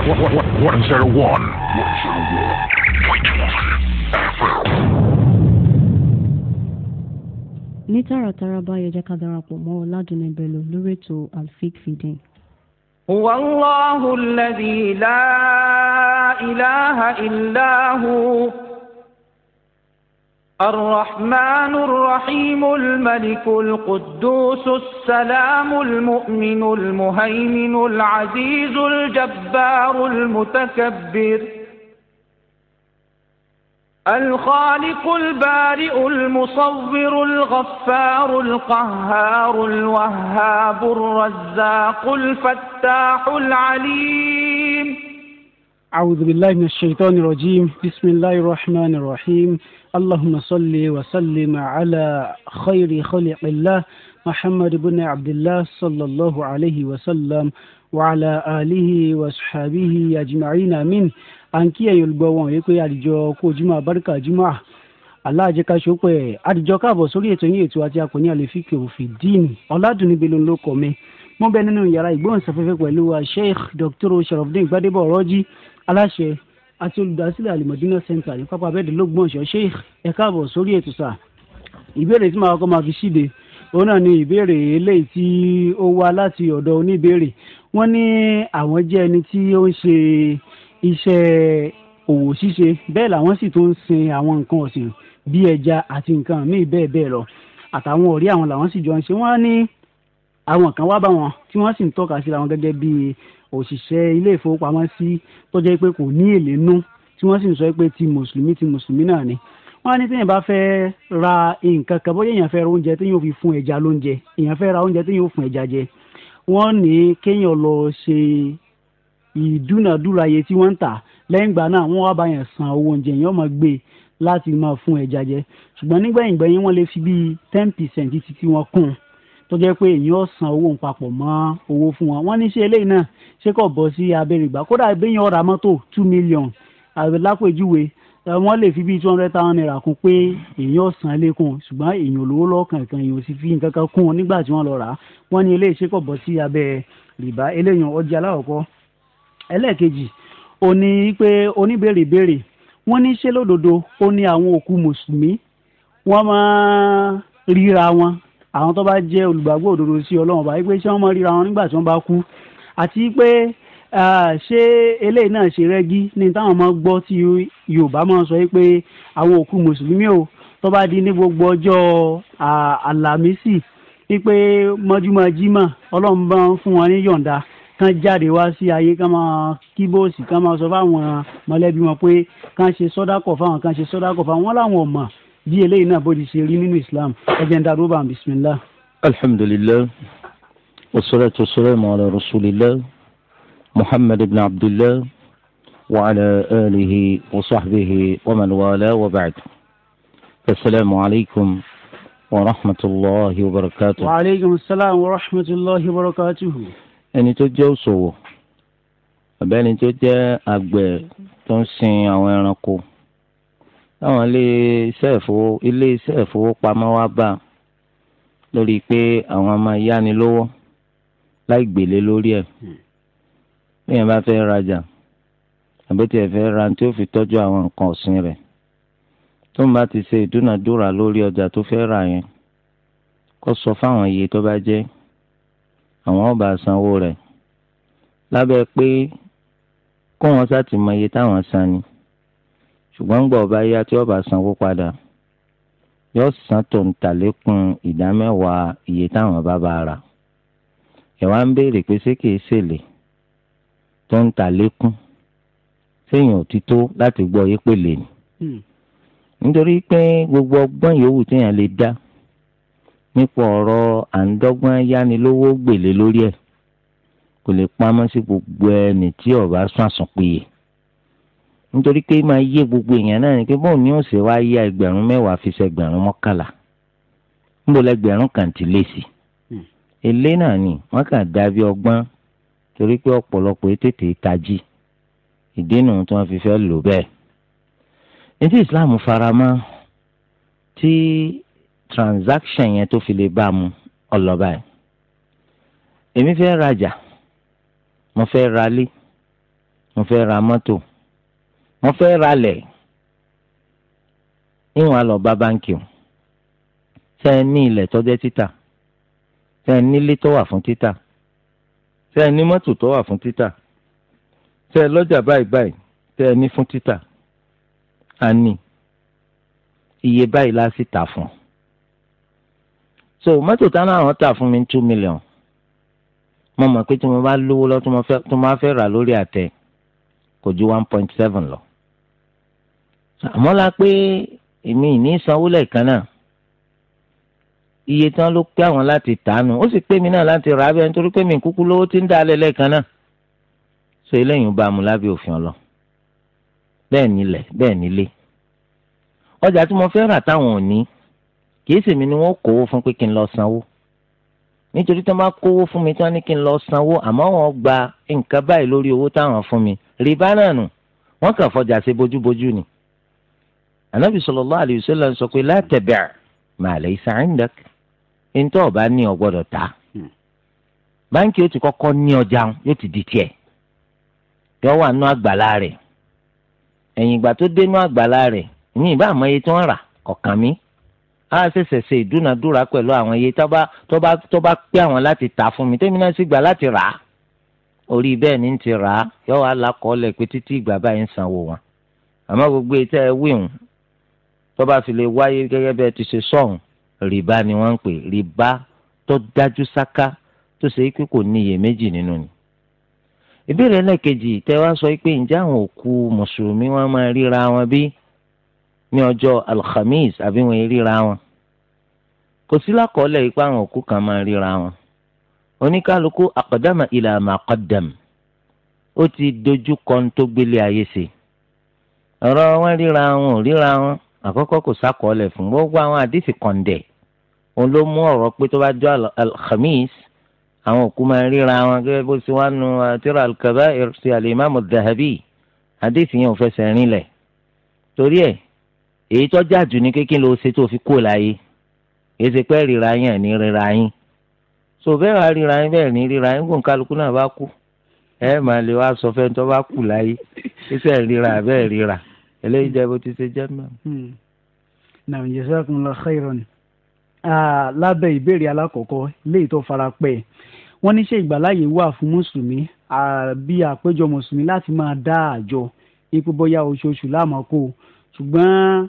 101. 101.1 ní tààràtàrà báyọ̀ jẹ́ ká darapọ̀ mọ́ ọ̀làdùnní bello lórí ètò alfik fìdín. wàláhùn lẹ́dí láìláha ìláhù. الرحمن الرحيم الملك القدوس السلام المؤمن المهيمن العزيز الجبار المتكبر الخالق البارئ المصور الغفار القهار الوهاب الرزاق الفتاح العليم أعوذ بالله من الشيطان الرجيم بسم الله الرحمن الرحيم اللهم صل وسلم على خير خلق الله محمد بن عبد الله صلى الله عليه وسلم وعلى آله وصحبه أجمعين من àǹkí ẹ̀yin olùgbọ́ wọn yìí pé àdìjọ kó ojúmọ́ abáríkà jùmọ́ aláàjẹká ṣọpẹ́ àdìjọ káàbọ̀ sórí ètò yín ètò àti àkòní àlefíkè òfin díìnì ọ̀làdùnníbi ló ń lò kọ́ mi mo bẹ nínú yàrá ìgbóhùnsáfẹ́fẹ́ pẹ̀lú Sheikh Dr. Sharafdin Gbadebo Ọ̀rọ̀jì aláṣẹ àti olùdásílẹ̀ alimọ̀dínà center ní pápá abẹ́ẹ̀dẹ̀ lọ́gbọ̀nsọ̀ ṣé ẹ káàbọ̀ sórí ètò sáà ìbéèrè tí màá kọ́ máa fi ṣíde òun náà ni ìbéèrè eléyìí tí ó wá láti ọ̀dọ̀ oníbéèrè wọ́n ní àwọn jẹ́ ẹni tí ó ń ṣe iṣẹ́ òwò ṣíṣe bẹ́ẹ̀ làwọn sì tún ń sin àwọn nǹkan ọ̀sìn bíi ẹja àti nǹkan míì bẹ́ẹ̀ bẹ́ẹ̀ lọ àtàwọn ọ̀rẹ́ àwọn làwọn sì jọ ń ṣe wọ́n ní àwọn kan wá bá wọn tí wọ́n sì ń tọ́ka síra wọn gẹ́gẹ́ bí òṣìṣẹ́ ilé ìfowópamọ́sí tó jẹ́ pé kò ní èlé nú tí wọ́n sì ń sọ pé ti mùsùlùmí ti mùsùlùmí náà ni wọ́n á ní téèyàn bá fẹ́ ra nǹkan kan bóyá èèyàn fẹ́ ra oúnjẹ téèyàn ò fi fún ẹja lóúnjẹ èèyàn fẹ́ ra oúnjẹ téèyàn ò fún ẹja jẹ wọ́n ní kéèyàn lọ ṣe ìdúnàdúrà iye tí wọ́n ń tà lẹ́yìn ìgbà náà wọ́n wá bá yàn san owó oúnjẹ yẹn ọmọ gbé láti máa fún ẹja jẹ ṣùgbọ́n nígbẹ̀yìngbẹ̀yìn wọ́n lè fi bíi ten percent títí wọn kún un tó jẹ́ pé èyí ó san owó papọ̀ mọ́ owó fún wọn wọ́n ní ṣe eléyìí náà ṣé kò bọ́ sí abẹ́rẹ́gbà kódà béèyàn ọ̀rà mọ́tò two million lápèjúwe wọ́n lè fi bíi two hundred thousand naira kún pé èyí ó san lékún ṣùgbọ́n èyàn olówó lọ́ọ̀kan kan èyàn ò sì fi nǹkan kan kún un nígbà tí wọ́n lọ rà á wọ́n ní eléyìí ṣé kò bọ́ sí abẹ́ rìbá eléyìí ọjà aláwọ̀kọ́ ẹlẹ́ẹ̀kejì ó ní pé oníbèrè wọ́n ní ṣé lódodo ó ní àwọn òkú mùsùlùmí wọ́n máa ríra wọn àwọn tó bá jẹ́ olùgbàgbọ́ òdodo sí ọlọ́run ọba wípé ṣé wọ́n máa ríra wọn nígbà tí wọ́n bá kú àti pé ṣé eléyìí náà ṣe rẹ́gí ní táwọn máa gbọ́ tí yorùbá máa sọ pé àwọn òkú mùsùlùmí o tó bá di ní gbogbo ọjọ́ àlàmísì wípé mọ́júmọ́ jímọ̀ ọlọ́run bá ń fún wọn ní yọ̀ǹda kán jáde wá sí ayé kán máa kí bóòsì kán máa sọ fáwọn mọ̀lẹ́bí wọn pé kán ṣe sọ́dákọ̀ fáwọn kán ṣe sọ́dákọ̀ fáwọn wọn láwọn ò دي لينا بوليسي لينين الإسلام أجن داروبا بسم الله الحمد لله والصلاة والسلام على رسول الله محمد بن عبد الله وعلى آله وصحبه ومن والاه وبعد السلام عليكم ورحمة الله وبركاته وعليكم السلام ورحمة الله وبركاته أني تجو سو أبين تجو أبين تنسين أو táwọn ilé iṣẹ́ ìfowópamọ́ wá bá lórí pé àwọn máa yáni lówó láì gbèlé lórí ẹ̀ hmm. bí yẹn bá fẹ́ rajà àbí tí ẹ fẹ́ ra tí ó fi tọ́jú àwọn nǹkan ọ̀sìn rẹ̀ tó ń bá ti ṣe ìdúnàdúrà lórí ọjà tó fẹ́ rà yẹn kó sọ fáwọn iye tó bá jẹ́ àwọn ọba sanwó rẹ̀ lábẹ́ pé kó wọn sá ti mọ iye táwọn san ni ṣùgbọ́n gbọ́ ọba yá tí ọba sanwó padà yóò san tó ń tàlékún ìdá mẹ́wàá iye táwọn bá bá ra ẹ̀ wá ń béèrè pé ṣé kìí ṣèlè tó ń tàlékún séèyàn ò ti tó láti gbọ́ yé pèlè ni hmm. nítorí pé gbogbo ọgbọ́n yòówù téèyàn lè dá nípa ọ̀rọ̀ àǹdọ́gbọ́n yánilówó gbèlè lórí ẹ̀ kò lè pamọ́ sí gbogbo ẹni tí ọba sún àsùnpìyè nítorí pé máa yé gbogbo èèyàn náà ni pé bóun ni ó ṣe wá yá ẹgbẹ̀rún mẹ́wàá fi ṣe ẹgbẹ̀rún mọ́kànlá níbo lẹgbẹ̀rún kan ti lé sí hmm. èlé náà ni wọ́n kàn dábí ọgbọ́n torí pé ọ̀pọ̀lọpọ̀ tètè tají ìdínà tí wọ́n fi fẹ́ lò bẹ́ẹ̀ ètò Islam faramọ́ tí transaction yẹn tó fi lè bá mu ọlọ́ba ẹ̀ èmi fẹ́ rajà mo fẹ́ ralé mo fẹ́ ra mọ́tò wọ́n fẹ́ ralẹ̀ níwọ̀n lọ bá báńkì o ṣé ẹ ní ilẹ̀ tó jẹ́ títà ṣé ẹ nílé tó wà fún títà ṣé ẹ ní mọ́tò tó wà fún títà ṣé ẹ lọ́jà báyìí báyìí ṣé ẹ ní fún títà a ní iye báyìí la sì tà fún so mọ́tò táwọn àwọn tà fún mi two million mo mọ̀ pé tí mo bá lówó lọ tí mo fẹ́ rà lórí àtẹ kò ju one point seven lọ àmọ́ la pé èmi ní sanwó lẹ́ẹ̀kan náà iye tí wọ́n ló pé àwọn láti tàánu ó sì pé mi náà láti rà á bẹ́ẹ̀ nítorí pé mi kúkú lówó ti ń dá alẹ́ lẹ́ẹ̀kan náà so eléyìí ń bá a mu lábẹ́ òfin ọlọ bẹ́ẹ̀ nílẹ̀ bẹ́ẹ̀ nílé ọjà tí mo fẹ́ rà táwọn ò ní kìí sèmi ni wọ́n kówó fún pé kí n lọ sanwó nítorí tí wọ́n kówó fún mi tí wọ́n ní kí n lọ sanwó àmọ́ wọ́n gba nǹkan báyìí lórí owó táwọn fún mi rìbá náà nù wọ́n kàn fọjà ṣe bójúbójú ni anabi sallallahu alayhi wa sallam sọ pé la tabi' ma laysa indak ntọ́ ọba ní ọ gbọ́dọ̀ ta hmm. báńkì yóò ti kọ́kọ́ ní ọjà yóò ti di tiẹ̀ yọ wà nú àgbàlá rẹ̀ ẹ̀yìn ìgbà tó dé nú àgbàlá rẹ̀ ní ìbá àmọ́ iye tí wọ́n rà kọ̀ọ̀kan mi á ṣẹ̀ṣẹ̀ ṣe ìdúnadúrà pẹ̀lú àwọn iye tó bá tó àwọn láti tà fún mi tèmi náà sì gbà láti rà á orí bẹ́ẹ̀ ni ti rà á yọ wà lákọọ́lẹ̀ pé títí ìgbà báyìí ń sanwó wọn àmọ́ gbogbo ètò ẹ̀ wíwùn tó bá fi lè wáyé gẹ́gẹ́ bẹ́ẹ̀ ti ṣe sọ̀hún rìbá ni wọ́n ń pè rìbá tó dájú sáká tó ṣe é pé kò ní iyèméjì nínú ni. ìbéèrè ẹlẹ́kejì tẹ́ sọ pé ǹjẹ́ àwọn òkú mùsùlùmí wọn máa ríra wọn bí ní ọjọ́ alhamis àbí wọn ríra wọn kò sí lákọọ́lẹ̀ ipá àwọn òkú kan máa ríra wọn oníkálukú àkọ́dàmà ilà àmà àkọ́dàm ó ti dojú kọ́ tó gbélé ayé ṣe ọ̀rọ̀ wọn ríra wọn ò ríra wọn àkọ́kọ́ kò sákọọ́lẹ̀ fún gbogbo àwọn àdìsí kọ̀ǹdẹ̀ òun ló mú ọ̀rọ̀ pé tó bá jọ alhamis àwọn òkú máa ń ríra wọn gẹ́gẹ́ bó ṣe wáá nu àtìrà uh, al-kaba'ir ti al-imam al-dhahabi àdìsí yẹn ò fẹsẹ̀ rinlẹ̀ torí ẹ̀ èyí tó jáàjù ní kékin ló ṣe tó fi kó láyé èyí ṣe pé ríra yẹn ní ríra yín so bẹ́ẹ̀ wá ríra yín bẹ́ẹ̀ ní ríra yín gbọ̀n kálukú náà bá kú ẹ máa lè wá sọ fẹ́ tó bá kú láyé iṣẹ́ eléyìí jẹ́ bó ti ṣe jẹ́ mẹ́rin. Hmm. naam jazakumullahu khairan lábẹ́ ìbéèrè alákọ̀ọ́kọ́ léyìí tó fara pẹ́ wọ́n ní ṣé ìgbàláyè wà fún mùsùlùmí àbí àpéjọ mùsùlùmí láti máa dá àjọ ipò bóyá oṣooṣù láàmú kó ṣùgbọ́n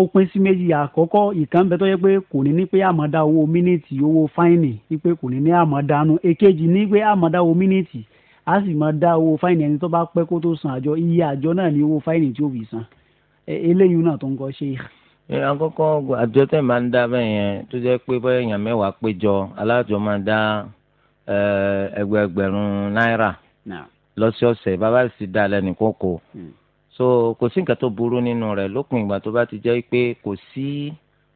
ó pín sí méjì àkọ́kọ́ ìkan bẹ tó yẹ pé kò ní ní pé àmọ́dá owó mínítì owó fáìnì wípé kò ní ní àmọ́dánú èkejì ní pé àmọ́dá owó mínítì a sì máa dá owó fáìnì ẹni tó bá pẹ́ kó tó san àjọ iye àjọ náà ní owó fáìnì tí ó fi san e, eléyìí náà tó ń kọ́ ṣe. àkọ́kọ́ àjọ tẹ̀ máa ń dá bẹ́ẹ̀ yẹn tó jẹ́ pé bọ́yá èèyàn mẹ́wàá péjọ alájọ máa dá ẹgbẹ̀ẹgbẹ̀rún náírà lọ́sọ̀ọ̀sẹ̀ bàbá sì dá lẹ́nu kókó hmm. so kò sí nǹkan tó burú nínú rẹ̀ lópin ìgbà tó bá ti jẹ́ pé kò sí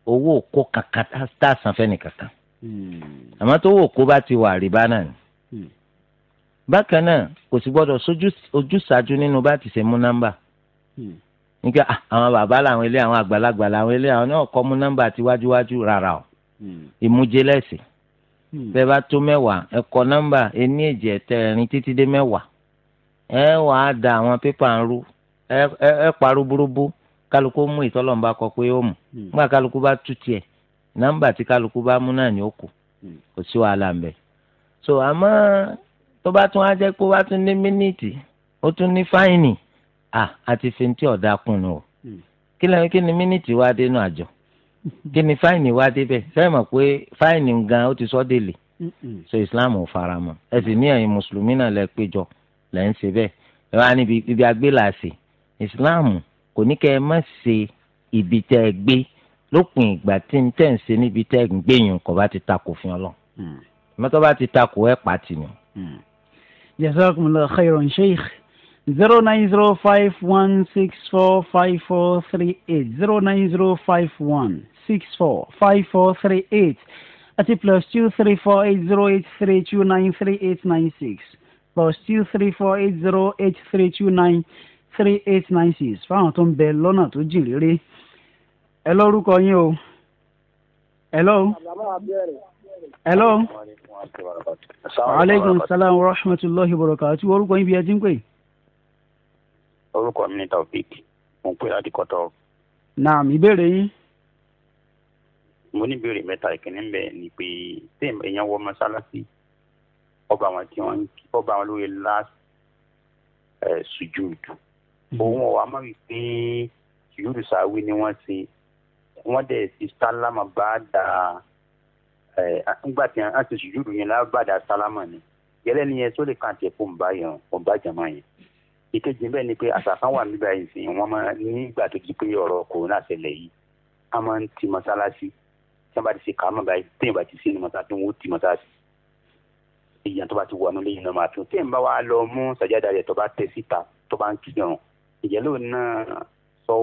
owó òkó kankan tá a san fẹ́ni kankan hmm. àmọ́ tó owó òkó bá ti wà rìbá náà ni bákan náà kò sì gbọ́dọ̀ ojúṣàájú nínú bá ti ṣe mú nọ́mbà hmm. nígbà ah, àwọn bàbá làwọn ilé àwọn àgbàlagbà làwọn ilé àwọn náà kọ́ mú nọ́mbà àti wájúwájú rárá o hmm. ìmújẹ lẹ́sìn bẹ́ẹ̀ hmm. bá tó mẹ́wàá ẹ kọ nọ́mbà ení èjì ẹ̀tẹ́rin títí dé mẹ́wàá ẹ wàá da àwọn pépà ń rú ẹ parú burúbú kálukú mú ìtọ́lọ́mùbá kọ pé ó mú nígbà kálukú bá tú tiẹ̀ nọ́mbà tí kálukú bá mú náà ni ó kù kò sí wàhálà ń bẹ̀ so àmọ́ tó bá tún á jẹ́ pé ó bá tún ní mínítì ó tún ní fáìnì àti fintí ọ̀dà kùn ní hmm. kí lẹ́yìn kí ni mínítì wá dé nù àjọ kí ni fáìnì wá dé bẹ́ẹ̀ sẹ́yìn mọ̀ pé fáìnì gan ó ti sọ́ délé hmm. so Islam ò fara mọ́ ẹ sì ní ẹ̀yin mùsùlùmí náà lẹ péjọ lẹ́ ń ṣe bẹ́ẹ̀ ẹ wá níbi ibi agbélàsè Islam kò ní kẹ́ ẹ má ṣe ibi tẹ́ ẹ gbé lópin ìgbà tí ń tẹ̀ ń ṣe níbi tẹ́ ẹ gbé yùn kò bá ti takò fún ọ lọ hmm. bá ti takò ẹ pàtì ni jazakumullahu khairan sheikh zero nine zero five one six four five four three eight zero nine zero five one six four five four three eight àti plus two three four eight zero eight three two nine three eight nine six plus two three four eight zero eight three two nine three eight nine six fáwọn tó ń bẹ lọ́nà tó jìn réré ẹ lórúkọ yín o hello hello aleykum salaam wa rahmatulahi wa barakatuh orúkọ yín bí ẹ ti ń pè. orúkọ mi ni taofik mo ń pè láti kọtọ. naam ìbéèrè yín. mo ní ìbéèrè mẹ́ta ìkíní ń bẹ̀ ni pé tí èèyàn wọ mọ́ṣáláṣí ọba àwọn tí wọ́n ọba àwọn lóye last sujúdù hmm. òun ọ̀wá má wí pé sujúdù sáwí ni wọ́n ṣe wọ́n dẹ̀ sí sálámà bá dáa ńgbà tí a ti sùjúdù yẹn lábàdà sálámà ni gẹ́lẹ́ ni yẹn tó lè kàn tiẹ̀ fún ba yẹn fún ba jama yẹn ìkejì bẹ́ẹ̀ ni pé àṣà kan wà níbẹ̀ yìí sìn wọ́n máa nígbà tó di pé ọ̀rọ̀ kòrónà ṣẹlẹ̀ yìí a máa ń ti mọ́sálásí tí wọ́n bá ti ṣe kàámà báyìí téèyàn bá ti ṣe ní mọ́sálásí wọ́n ó ti mọ́sálásí èèyàn tó bá ti wà nílé yìí náà máa tún téèyàn bá wà lọ mú sàjáda rẹ̀ tó bá tẹ síta tó bá ń kíjọrùn ìyẹ́lò náà sọ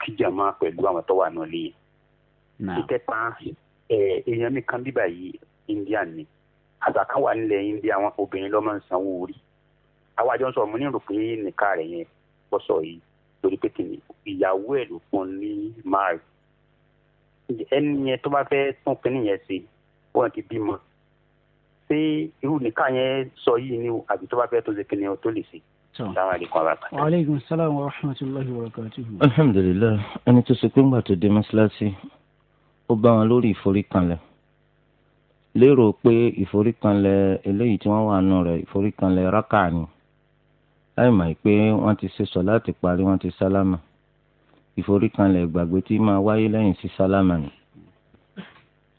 kíjàmá pẹ̀lú àwọn tó wà nílé yìí. ìkẹta Eh, èèyàn mi kan bíbà yìí india ni àtàkà wà nílẹ̀ india wọn obìnrin lọ́mọ ń sanwó orí àwọn àjọ ń sọ mo ní rò pé nìka rẹ̀ yẹn kọ́ sọ yìí torí pé kìnnì ìyàwó ẹ̀ ló fún un ní mari ẹni yẹn tó bá fẹ́ tún kínní yẹn ṣe wọn ti bímọ ṣé irú nìka yẹn sọ yìí ni àbí tó bá fẹ́ tó ṣe kínní o tó lè ṣe. aleykum salaam wa rahmatulahi wa barakatuhu. alhamdulilayi ẹni tó ṣe pé ń gbà tó dé mọ́ṣáláṣí ó bá wọn lórí ìforíkanlẹ̀ lérò pé ìforíkanlẹ̀ eléyìí tí wọ́n wà nù rẹ̀ ìforíkanlẹ̀ rákà ni láì mọ̀ pé wọ́n ti ṣe sọ láti parí wọ́n ti sálámà ìforíkanlẹ̀ ìgbàgbé tí máa wáyé lẹ́yìn sí sálámà ni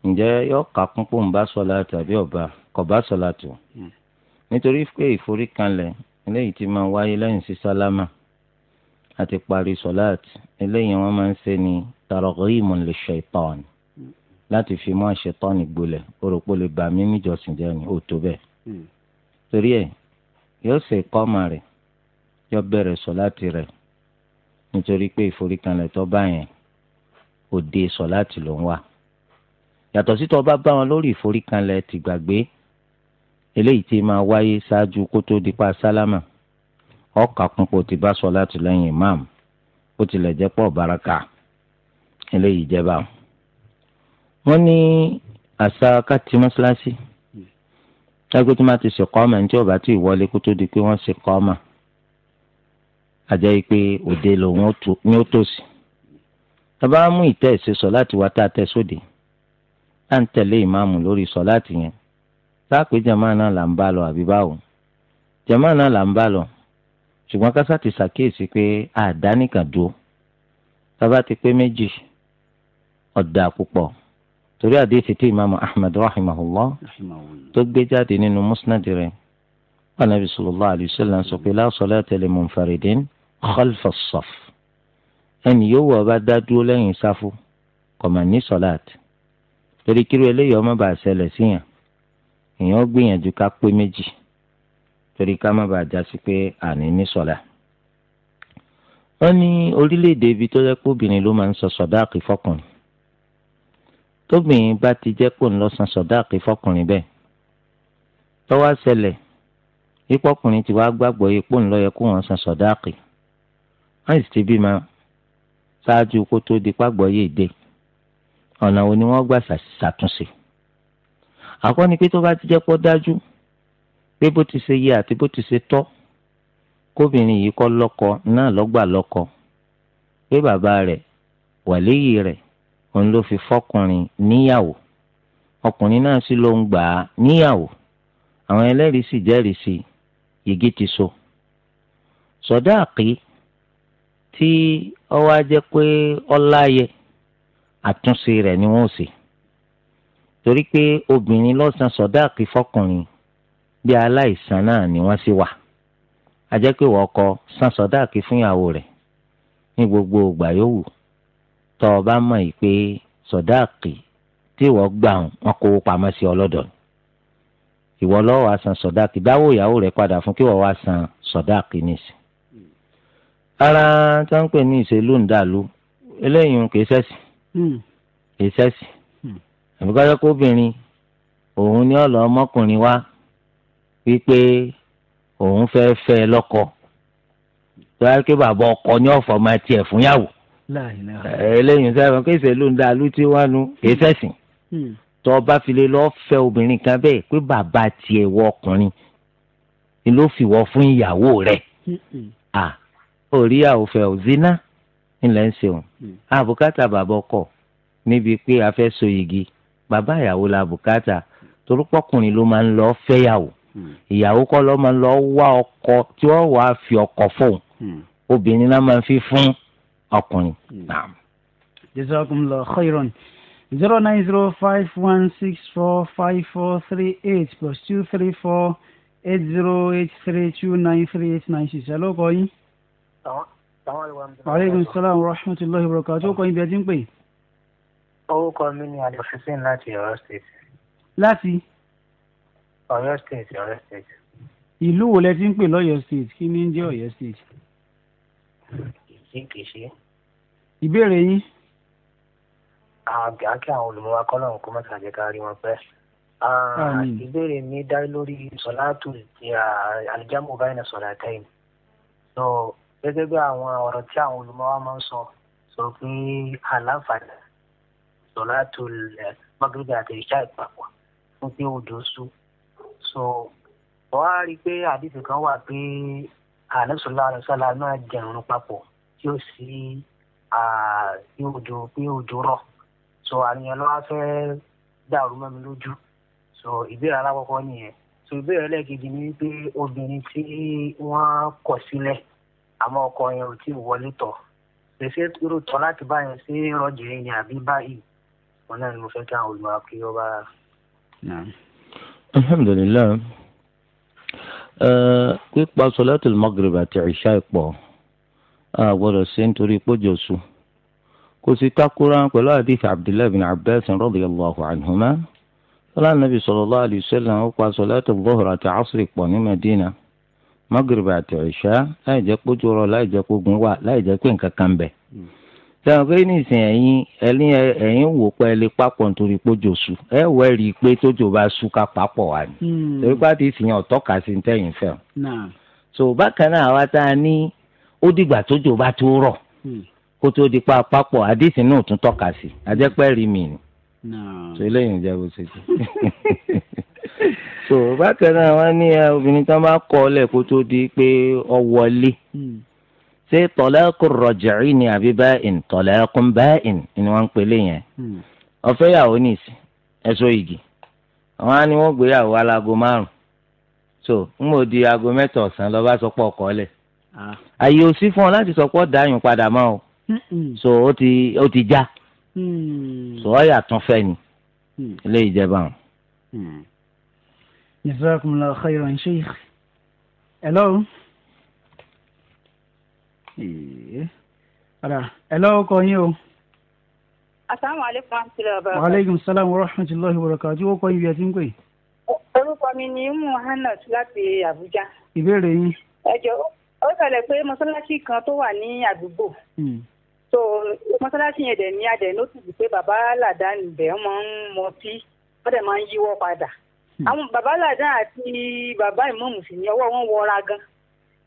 ǹjẹ́ yóò kà kún pò ń bá sọlá tàbí ọba kò bá sọlá tó nítorí pé ìforíkanlẹ̀ eléyìí tí máa wáyé lẹ́yìn sí sálámà àti parí sọlá eléyìí wọ́n máa ń ṣe ní tarọ̀gì ìmùlẹ̀ ṣẹ̀tọ́ọ̀nì láti fi mọ́ àṣetọ́ni gbolẹ̀ o rò pé o lè bà mí níjọsìn jẹ́ ni o tó bẹ́ẹ̀. Hmm. torí ẹ̀ yóò ṣe kọ́mà rẹ̀ yóò bẹ̀rẹ̀ sọ̀láàtì rẹ̀ nítorí pé ìforíkanlẹ̀ tó bá yẹn òde sọ̀láàtì ló ń wà. yàtọ̀ sí tó bá bá wọn lórí ìforíkanlẹ̀ ti gbàgbé eléyìí tí máa wáyé ṣáájú kó tó di pa sálámà ọkà kúnpọ̀ ti bá sọ̀láàtì lẹ́yìn imáàmù ó tilẹ̀ jẹ́ pọ̀ báraka eléyìí jẹ́ báwọn wọ́n ní àṣà káàtì mọ́ṣáláṣí tágbé tó máa ti ṣèkọ́ ọmọ ẹni tí ọba tí ìwọlé kó tó di pé wọ́n ṣèkọ́ ọmọ àjẹ́ pé òde lòun ní ó tòsí tọ́ba mú ìtẹ́ ìṣe sọ láti wá tá a tẹ sóde à ń tẹ̀lé ìmáàmù lórí sọ láti yẹn sáàpé jama náà là ń bá lọ àbí báwo jama náà là ń bá lọ ṣùgbọ́n kásá ti ṣàkíyèsí pé àdánìkàdúró tọ́ba ti pé méjì ọ̀dà púpọ̀ torí àdéhìí tí imaamu ahmed rahimahullah tó gbé jáde nínú musnad rẹ̀ anabi sallallahu alayhi wa sallam sọ pé la salata li munfaridin khalfa as-saf ẹni yóò wọ ọba dá dúró lẹ́yìn sáfù kọmọ ní sọláàtì torí kírú eléyìí ọmọ bá ṣẹlẹ̀ síyàn èèyàn gbìyànjú ká pé méjì torí ká má bàa já pé àní ní sọlá. wọ́n ní orílẹ̀ ibi tó yẹ kó obìnrin ló máa ń sọ sọ̀dáàkì fọkùnrin tóbìnrin bá ti jẹ́ pò ń lọ san sọ̀dáàkì fọkùnrin bẹ́ẹ̀ tọ́wọ́ ṣẹlẹ̀ ipọ́kùnrin ti wá gbàgbọ́ yẹ pò ń lọ yẹ kó wọ́n san sọ̀dáàkì wọ́n sì ti bímọ ṣáájú kó tó di pàgbọ́ yé dé ọ̀nà wo ni wọ́n gbà ṣàtúnṣe àkọ́ ni pé tó bá ti jẹ́ pọ́ dájú pé bó ti ṣe yẹ àti bó ti ṣe tọ́ kóbìnrin yìí kọ́ lọ́kọ náà lọ́gbà lọ́kọ pé bàbá rẹ̀ wàléyìí rẹ̀ òun ló fi fọkùnrin níyàwó ọkùnrin náà sì ló ń gbà á níyàwó àwọn ẹlẹ́rìí sì jẹ́rìí sí igi ti so sọdáàkì tí ó wá jẹ́ pé ọláyẹ àtúnṣe rẹ̀ ni wọ́n ṣe torí pé obìnrin lọ́sàn sọdáàkì fọkùnrin bí aláìsàn náà ni wọ́n sì wà a jẹ́ pé wọ́n kọ san sọdáàkì fún ìyàwó rẹ̀ ní gbogbo ìgbà yòówù tọ́ ọ bá mọ̀ yìí pé sọ̀dáàkì tí ìwọ gbà wọn kó pamọ́ sí ọlọ́dọ̀ ìwọ lọ́wọ́ wá san sọ̀dáàkì dáwọ́ ìyàwó rẹ̀ padà fún kí wọ́n wá san sọ̀dáàkì nìsín. ara tó ń pè ní ìṣèlú ń dàlú eléyìí kì í ṣẹ̀sìn hmm. kì í ṣẹ̀sìn hmm. àbíkájọ́ òun ni ọ̀lọ́ ọmọkùnrin wá wípé òun fẹ́ fẹ́ lọ́kọ tó yẹ kí bàbá ọkọ ní ọ̀fọ̀ máa tiẹ̀ fún yàwó Eh, eléyìí sábà pé ìṣèlú ń da lútí wánu kìí sẹ́sìn hmm. tó o bá file lọ́ọ́ fẹ́ obìnrin kan bẹ́ẹ̀ pé bàbá tiẹ̀ wọ ọkùnrin ni ló fi wọ́ fún ìyàwó rẹ̀ hmm. à oríyàwó fẹ́ ò zina ńlẹ̀ ń ṣeun àbùkátà hmm. bàbá ọkọ níbi pé a fẹ́ so igi bàbá ìyàwó la bùkátà torúpọ̀kùnrin ló máa ń lọ fẹ́yàwó ìyàwó kọ́ ló máa ń lọ wá ọkọ tí wọ́n wàá fi ọkọ fóun obìnrin náà máa ń fi fún un ọkùnrin. Hmm. jazakumullah khairan zero nine zero five one six four five four three eight plus two three four eight zero eight three two nine three eight nine six ẹ ló kọ yín. aleykum salaam wa rahmatulahi wa barakatuh ó kọ yín bí ẹ ti ń pè. orúkọ mi ni àdìsísìn láti Ọ̀yọ́ state. láti. Ọ̀yọ́ state Ọ̀yọ́ state. ìlú wo lẹ ti ń pè lọ́yọ́ state kí ni ń jẹ́ Ọ̀yọ́ state. kì í ṣe ìbéèrè yín. àkè àwọn olùmọ̀wá kọ́lọ́run kó má ṣàjẹ́ ká rí wọn pẹ́. ìbéèrè mi dá lórí sọ̀láàtù e, àlìjámù báyìí náà sọ̀rọ̀ àtẹ́yìn. sọ gẹ́gẹ́ bí àwọn ọ̀rọ̀ tí àwọn olùmọ̀wá máa ń sọ sọ pé àlàáfàdà sọ̀láàtù e, magrebi àti ìṣá ìpapọ̀ fún pé odò sú. sọ wọ́n á rí i pé àdìsí kan wà pé àlẹ́ sọ̀lá àlọ́ sọ̀lá náà jẹun papọ̀ tí ó sì í pé òjò pé òjò rọ̀ so àníyàn ló wá fẹ́ dàrú mọ́ mi lójú so ìbéèrè alákọ̀ọ́kọ́ nìyẹn so ìbéèrè ẹlẹ́ẹ̀kejì ni pé obìnrin tí wọ́n kọ̀ sílẹ̀ àmọ́ ọkọ yẹn ò tí ì wọlé tọ̀ pèsè irú tọ́ láti báyẹn sí rọ́jìnrín ni àbí báyìí wọn náà ni mo fẹ́ kí àwọn olùmọ̀ kí ọba. alhamdulilayi pípa sọlá tó lè mọ gèrè bàtì ìṣá ìpọ̀. àgbọ́dọ̀ ṣe nítorí pójò sùn kò sí takora pẹ̀lú àdìsí abdullahi bin abbas radiyallahu anhuma sọlá nàbì sallallahu alayhi ó pa àti pọ̀ ní medina àti láì jẹ́ láì jẹ́ wà láì jẹ́ pé nǹkan kan bẹ̀ pé wò lè papọ̀ nítorí su ẹ wẹ́ rí i pé bá su ká ó dìgbà tójò bá tó rọ̀ hmm. kó tó di pa papọ̀ àdìsí náà tún tọ́ka sí àjẹpẹ́ rí mi ni tó lẹ́yìn ìjà ṣe jẹ́ so bákan náà wọ́n ní eh, obìnrin tó bá kọ̀ ọ́ lẹ̀ kó tó di pé ọ wọlé hmm. ṣé tọ́lẹ́kùn rọ̀jẹ̀rì ni àbí báyìn tọ́lẹ́kùn báyìn ni wọ́n ń pele yẹn ọ̀fẹ́ hmm. yàwó nìsí ẹ̀ṣọ́ igi àwọn á ní wọ́n gbé yàwó alago márùn-ún so n ò di aago mẹ́ta ọ̀sán lọ́ba sọ pé ọkọ̀ àyè ò sí fún ọ láti sọ pé ọ̀dà àyùn padà mọ́ o so ó ti ó ti já mm. so ọ yà tún fẹ́ ni mm. ilé ìjẹba o. Mm. jazakumullahu khairan sheikh hello. hello kọ́ yín o asalaamualeykum wa rahmatulahi wa barakatuh. waaleykum salaam wa rahmatulahi wa barakatuh. wọ́n kọ́ ibi ẹtí ń pè. orúkọ mi ni muhammed láti Abuja. ìbéèrè yín. ẹ jọ̀ọ́ ó ṣẹlẹ̀ pé mọ́ṣáláṣí kan tó wà ní àdúgbò hmm. so mọ́ṣáláṣí yẹn dẹ̀ ní adẹ̀ nótìsì pé bàbá làdáni bẹ̀ ọ́n máa ń mọtí wọ́n dẹ̀ máa ń yíwọ́ padà hmm. àwọn bàbá làdán àti bàbá ìmọ̀ọ́mù sì ní ọwọ́ wọn wọra gan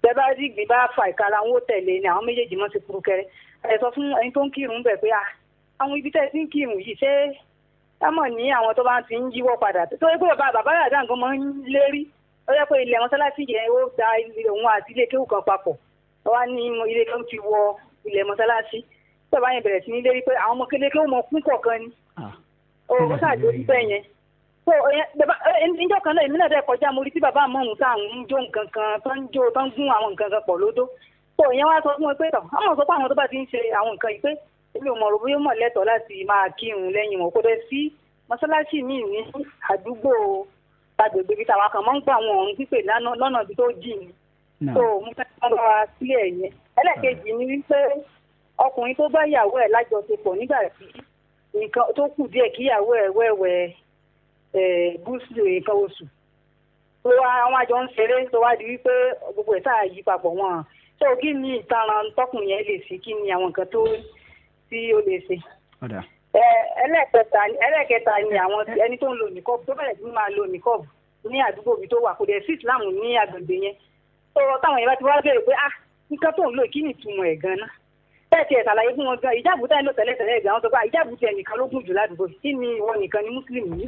bẹ́ẹ̀ bá rí ìgbín bá fa ìkara wọn ó tẹ̀lé ni àwọn méjèèjì mọ́ ti kúrú kẹrẹ ẹ sọ fún ẹni tó ń kírun bẹ̀ pé àwọn ibi tẹ́ ẹ ti ń kírun yìí ṣé ẹ mọ̀ ní àwọn tó bá ti ń yíwọ́ padà tó yẹ pé bàbá làdán gan máa ń lérí ó yẹ pé ilẹ̀ mọ́sálásí yẹn ó da òun àti ilé kéwù kan papọ̀ wá ní ilé kéwù ti wọ ilẹ̀ mọ́sálásí bàbá yẹn bẹ̀rẹ̀ sí ní lérí pé àwọn ọmọ kékeré kéwù mọ̀ kún kọ̀ọ̀kan ni ó ṣàjò bíbẹ̀ yẹn so níjọ́ kan náà èmi náà dẹ̀ kọjá mo rí tí bàbá àmọ́ òun tá à ń jó nǹkan kan tó ń jó tó ń gún àwọn nǹkan kan pọ̀ lódó so ìyẹn wá sọ fún mi pé tọ̀ ọmọ sọ pé àwọn tó bá ti ń ṣe àwọn nǹkan yìí pé èmi ò mọ̀ rò bóyá mọ̀ lẹ́tọ̀ọ́ láti máa kírun lẹ́yìn wọn kó dẹ̀ sí mọ́sálásí mi ní àdúgbò agbègbè ibi táwa kan máa ń gbà àwọn ọ̀run pípè lọ́nà ibi tó jì ní. so mo fẹ́ kí wọ́n bá wa sílẹ̀ yẹn. ẹlẹ́ẹ̀kejì ni wípé ọkùnrin tó bá ìyàwó ẹ̀ lájọṣepọ̀ nígbà tí nǹkan tó kù díẹ̀ kí ìyàwó ẹ̀ wẹ̀wẹ̀ gúúsù nǹkan oṣù tó wá àwọn àjọ ń ṣeré tó wá di wípé gbogbo ẹ̀ sáà yí papọ̀ wọn so kí ni ìtaràn tọkùnrin yẹn lè ṣe kí ni àwọn nǹkan tó tí ó lè ṣe. ẹlẹ́kẹta ẹlẹ́kẹta ni àwọn ẹni tó ń lo nìkọ́ọ̀bù tó bẹ̀rẹ̀ sí máa lo nìkọ́ọ̀bù ní àdúgbò ibi tó wà kò dẹ̀ sí islam ní agbègbè yẹn tó táwọn yẹn bá ti wá bẹ̀rẹ̀ pé ah nǹkan tó ń lo kí ni ìtumọ̀ ẹ̀ gan-an bẹ́ẹ̀ tiẹ̀ fún wọn gan ìjáàbù tẹ́lẹ̀ tẹ́lẹ̀ gan ìjáàbù ni ìwọ nìkan ni mùsùlùmí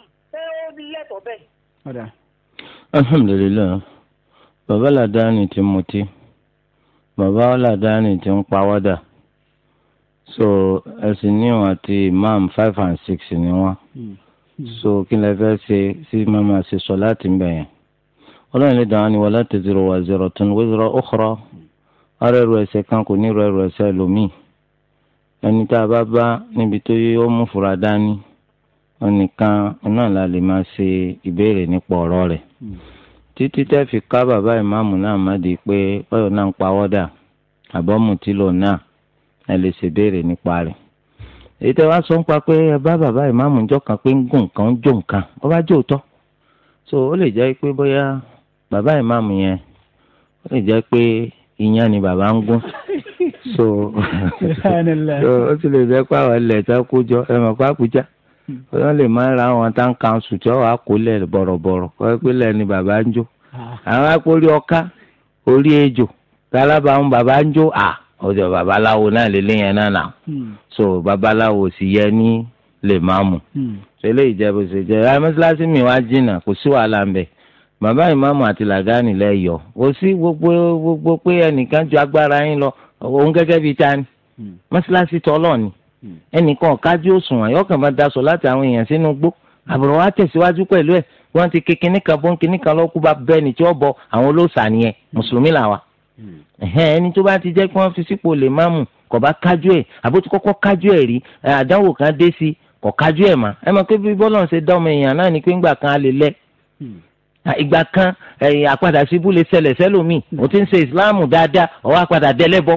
a ṣé ó lẹ́tọ̀ọ́ bẹ́ẹ̀. ọ̀dà alhamdulilayi baba làdáni ti mutí bàbá làdáni ti ń pawọ́dà so ẹ̀sìn níwọ̀n àti imam five and six ni wọ́n hmm. Hmm. so kí lẹ fẹ́ ṣe sí mama ṣe sọ láti ń bẹ̀yẹn ọlọ́run lè dàn ni wọ́n láti zero wa zero tún wíṣọ́ ọ̀kọ́rọ́ ara ẹrù ẹ̀ṣẹ̀ kan kò ní rọ ẹrù ẹ̀ṣẹ̀ lómi ẹni tá a bá bá níbi tó yẹ ó fura dání ọnìkan náà la lè máa ṣe ìbéèrè nípa ọ̀rọ̀ rẹ̀ hmm. títí fi ká bàbá ìmáàmù náà má di pé báyọ̀ náà ń pawọ́ àbọ̀mù tí lò náà ẹ lè ṣèbéèrè nípa rẹ̀ èyí tẹ́ wá sọ ń pa pé ẹ bá bàbá ìmáàmù jọ kan pé ń gùn kan ń jò nǹkan ó bá so ó lè jẹ́ pé bóyá bàbá ìmáàmù yẹn ó lè jẹ́ pé iyán ni bàbá ń gún so ó sì lè jẹ́ pé àwọn ilẹ̀ tá ẹ̀ mọ̀ wọ́n lè máa ra àwọn tán kanṣu tí wọ́n á kó lẹ̀ bọ̀rọ̀bọ̀rọ̀ wọ́n pé lẹ́ni bàbá ń jó àwọn akórí ọká orí ejò tálábàáhùn bàbá ń jó à ọjọ́ babaláwo náà lélẹ́ yẹn náà nà hmm. so babaláwo sì yẹ ní lè máa mú ṣẹlẹ̀ hmm. ìjẹ́bù ṣe jẹ́ ẹ mọ́sálásí mi wá jìnnà kò sí wàhálà ń bẹ̀ bàbá ìmáàmù àti làgánì lẹ́yọ̀ kò sí gbogbo gbogbo pé ẹnìkan ju agbára yín lọ òun gẹ́gẹ́ bíi ta hmm. mọ́sálásí tọ́lọ́ ni ẹnìkan kájú òṣùwọ̀n yọkàn máa daṣọ láti àwọn èèyàn sínú gbó àbúrò wa tẹ̀síwájú pẹ̀lú ẹ̀ wọ́n ti ké kinní kan bó ń kinní kan lọ́kú bá bẹ́ẹ̀ni tí ó bọ àwọn olóòṣà nìyẹn mùsùlùmí làwà. ẹni tó bá ti jẹ́ pé wọ́n fi sípò lè má mú kò bá kájú ẹ̀ àbótí kọ́kọ́ kájú ẹ̀ rí àdánwò kan dé sí kò kájú ẹ̀ mà ẹ mọ̀ pé bí bọ́lọ̀ ṣe dá ọmọ èèyàn náà ni pé ńgbà kan a lè lẹ ìgbà kan àpadà síbú lè ṣẹlẹ̀ sẹ́lòmíì ó ti ń ṣe ìsìláàmù dáadáa ọwọ́ àpadà dẹ́lẹ́bọ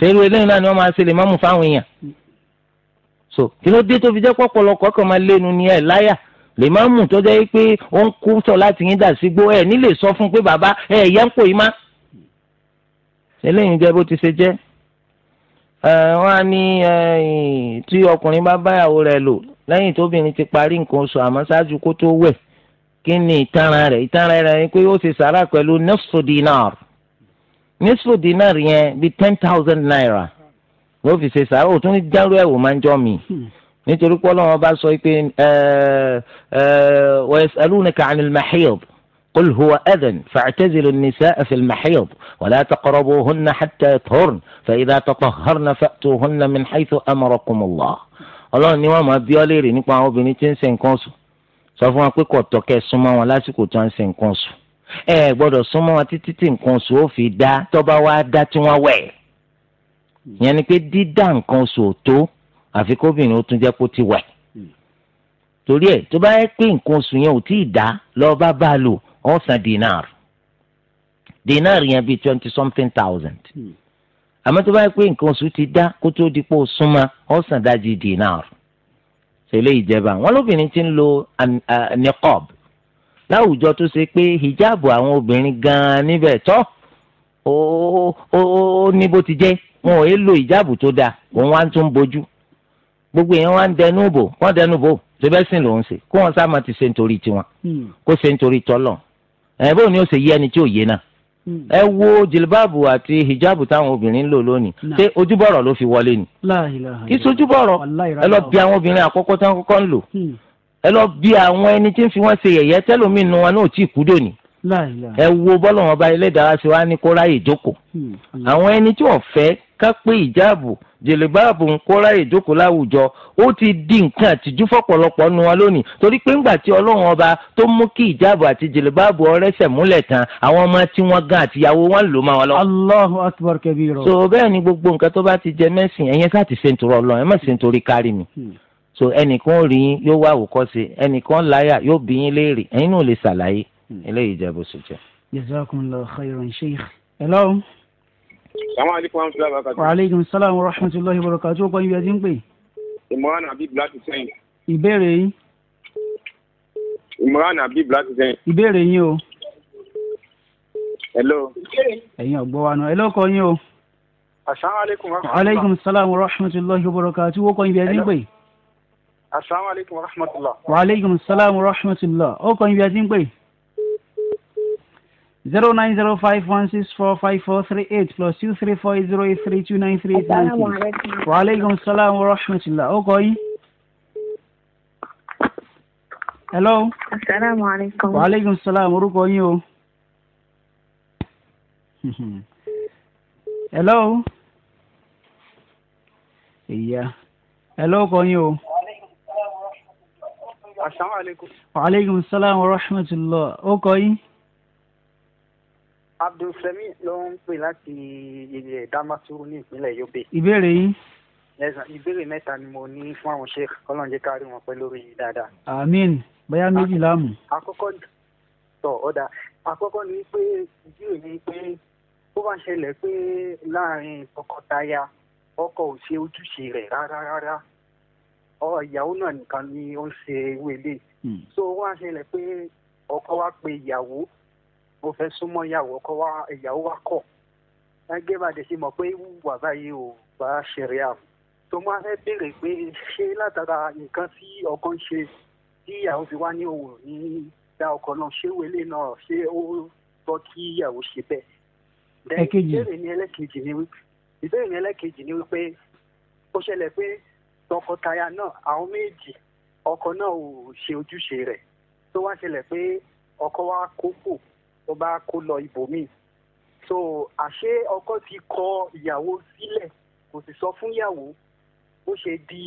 ṣerú eléyìí náà ni wọ́n so kí ló dé tó fi jẹ́ pọ̀pọ̀lọpọ̀ kan máa lẹ́nu ni ẹ̀ láyà lè máa mú tó jẹ́ pé ó ń kú sọ láti yín dà sígbó ẹ̀ nílè sọ fún pé bàbá ẹ̀ yẹ ń pò yín má. eléyìí jẹ́ bó ti ṣe jẹ́ wọ́n á ní tí ọkùnrin bá báyàwó rẹ̀ lò lẹ́yìn tóbìnrin ti parí nǹkan oṣù àmọ́ ṣáájú kó tó wẹ̀ kí ni ìtanràn rẹ̀ ìtanràn rẹ̀ ni pé ó ti sàrà pẹ̀lú nisfu dinar nisfu dinar yẹn bíi ten thousand naira wọ́n fi ṣe sàárà òtún ní dárú ẹ̀wò máa ń jọ́ mi hmm. nítorí pé ọlọ́run bá sọ pé wa yas'alunaka 'anil mahid qul huwa adhan fa'tazilu an-nisaa fil mahid wa la taqrabuhunna hatta yatahharna fa idha tatahharna fa'tuhunna min haythu amarakumullah ọlọ́run ni wọ́n máa bí ọ́ léèrè nípa àwọn obìnrin tí ń ṣe nǹkan oṣù sọ fún wa pé kọ̀tọ́ kẹ́ súnmọ́ wọn lásìkò tí wọ́n ń ṣe nǹkan oṣù ẹ gbọ́dọ̀ súnmọ́ wọn títí tí nǹkan oṣù ó fi dá tó bá wá dá tí wọ́n wẹ̀ Hmm. ìyẹn ni pé dídá nǹkan oṣù tó àfi kóbìnrin ó tún jẹ́ kó ti wẹ̀ hmm. torí ẹ̀ tó bá yẹ pé nǹkan oṣù yẹn ò tí ì dá lọ́ọ́ bá bá a lò ó san dinar dinar yẹn bíi twenty something thousand hmm. àmọ́ tó bá yẹ pé nǹkan oṣù ti dá kó tó di pé o súnmọ́ ó san dájì dinar ṣẹlẹ̀ ìjẹba wọn lóbìnrin ti ń lo niqab láwùjọ tó ṣe pé hijabu àwọn obìnrin gan-an níbẹ̀ tọ́ ó ní bó ti jẹ́ wọn ò yé lo ìjáàbù tó dáa òun wá ń tún bojú gbogbo èèyàn wá ń dẹnu bò wọ́n dẹnu bò tẹ́bẹ́sìn lòún ṣe kó wọn sáà máa ti ṣe nítorí tiwọn hmm. kó ṣe nítorí tọ́lọ̀ ẹ̀ bóun ni ó ṣe yí ẹni tí ò yé náà hmm. ẹ wo jìlbáàbù àti hijabu táwọn obìnrin ń lò lónìí ṣé ojúbọ̀rọ̀ ló fi wọlé ni kí sojúbọ̀rọ̀ ẹ lọ bí àwọn obìnrin àkọ́kọ́ tí wọ́n kọ́kọ́ ń lò hmm. ẹ lọ bí àwọn ẹni tí ń fi wọ́n ṣe yẹ̀yẹ́ tẹ́lómìn nu wọn náà tí ì kú dòní ẹ wo bọ́lọ̀ wọn bá ilé ìdárasí wa ní kó ráyè jókòó àwọn ẹni tí wọ́n fẹ́ ká pé ìjáàbù jèlèbáàbù ńkóra ìjókòó láwùjọ ó ti di nǹkan àtijú fọ́pọ̀lọpọ̀ nu wa lónìí torí pé ńgbà tí ọlọ́run ọba tó mú kí ìjáàbù àti jèlèbáàbù ọrẹ́sẹ̀ múlẹ̀ tán àwọn ọmọ tí wọ́n gan àtìyàwó wọn lò máa wọn lọ. Allahu akbar kabira. so bẹ́ẹ̀ ni gbogbo nǹkan tó bá ti jẹ mẹ́sìn ẹ̀yẹn sáà ti ṣe ń torọ ọlọ́run ẹ má ṣe ń torí kárí mi. Hmm. so ẹnìkan rí yóò wá àwòkọ́ṣe ẹnìkan láyà yóò bí yín léèrè ẹ̀yin náà lè ṣàlàyé hmm. eléyìí jẹ́ bó ṣe jẹ́. jazakumullahu khairan sheikh salaamaleykum wa rahmatulahi wa barakatu. wa aleykum salaam wa rahmatulahi wa barakatu. ó kọ́ ibi ẹtí ń pè. imran abib láti sẹ́yìn. ìbéèrè yín. imran abib láti sẹ́yìn. ìbéèrè yín o. hello. ẹ̀yin ọ̀gbọ́n wa náà ẹ lọ́kọ̀ yín o. asalaamaleykum wa rahmatulahi. aleykum salaam wa rahmatulahi wa barakatu. ó kọ́ ibi ẹtí pè. asalaamaleykum wa rahmatulahi. wa aleykum salaam wa rahmatulahi. ó kọ́ ibi ẹtí pè. zero nine zero five one six four five four three eight plus two three four eight zero eight three two nine three eight nine three. wa alaikum. salaam wa rahmatulah ó kọ yín. hello. asalaamualeykum. wa aleykum salaam orúkọ yín hello. ìyá hello kọ yín o. wa aleykum salaam wa rahmatulah ó abdulsemi ló ń pè láti ilẹ̀ damaturu ní ìpínlẹ̀ yobe. ìbéèrè yín. ẹ̀sán ìbéèrè mẹ́ta ni mo ní fún àwọn sheikh kọ́lọ́n jẹ́ kárí wọn pẹ́ lórí dáadáa. àmín bóyá méjì láàmú. àkọ́kọ́ tọ̀ ọ̀dà àkọ́kọ́ ni pé ojú mi pé ó bá ṣẹlẹ̀ pé láàrin tọkọtaya ọkọ ò ṣe ojúṣe rẹ̀ rárá rárá ìyàwó náà nìkan ni ó ń ṣe ewé lé hmm. so ó wá ṣẹlẹ̀ pé ọkọ wá pe ìyàwó ó fẹ́ súnmọ́ ìyàwó kọ́ wá ìyàwó wa kọ̀ gẹ́gẹ́ bá a dẹ̀ ṣe mọ̀ pé wà báyìí ò bá ṣẹ̀rẹ̀ àmù tó máa fẹ́ béèrè pé ṣé látara nǹkan tí ọkọ ń ṣe tí ìyàwó fi wá ní òun ní dá ọkọ náà ṣé wọlé náà ṣé ó tọ́ kí ìyàwó ṣe bẹ́ẹ̀. ìbéèrè ni wípé ìbéèrè ní ẹlẹ́kejì ni wípé ó ṣẹlẹ̀ pé tọkọtaya náà àwọn méjì ọkọ náà ò ṣe ojúṣe rẹ̀ tó wá ṣẹlẹ̀ pé ọkọ wa kókò tó bá kó lọ ibòmíì so àṣé ọkọ ti kọ ìyàwó sílẹ̀ kò sì sọ fún ìyàwó bó ṣe di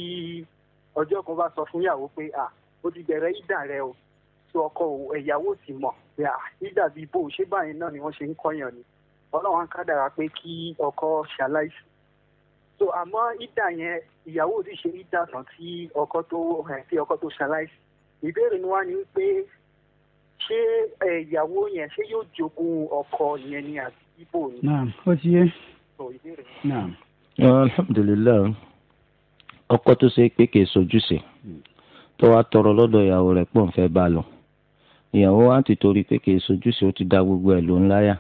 ọjọ́ kan bá sọ fún ìyàwó pé à ó ti bẹ̀rẹ̀ ìdà rẹ o so ọkọ ìyàwó sì mọ̀ pé à ìdà bíi bó ṣé báyìí náà ni wọ́n ṣe ń kọ́yàn ni ọlọ́run kádàrá pé kí ọkọ ṣaláìsí so àmọ́ ìdà yẹn ìyàwó ti ṣe ìdà tán tí ọkọ tó tí ọkọ tó ṣaláìsí ìbéèrè ni wá ni pé ṣé ìyàwó yẹn ṣé yóò jogún ọkọ yẹn ní àdúgbò ni. naam ó ti yé. sọ ìbéèrè. naam. alhamdulilayi ọkọ tó ṣe pé kì í sojúṣe tó wàá tọrọ lọ́dọ̀ ìyàwó rẹ̀ pọ̀ ń fẹ́ bá lọ ìyàwó wa ti torí pé kì í sojúṣe ó ti da gbogbo ẹ̀ ló ń láyà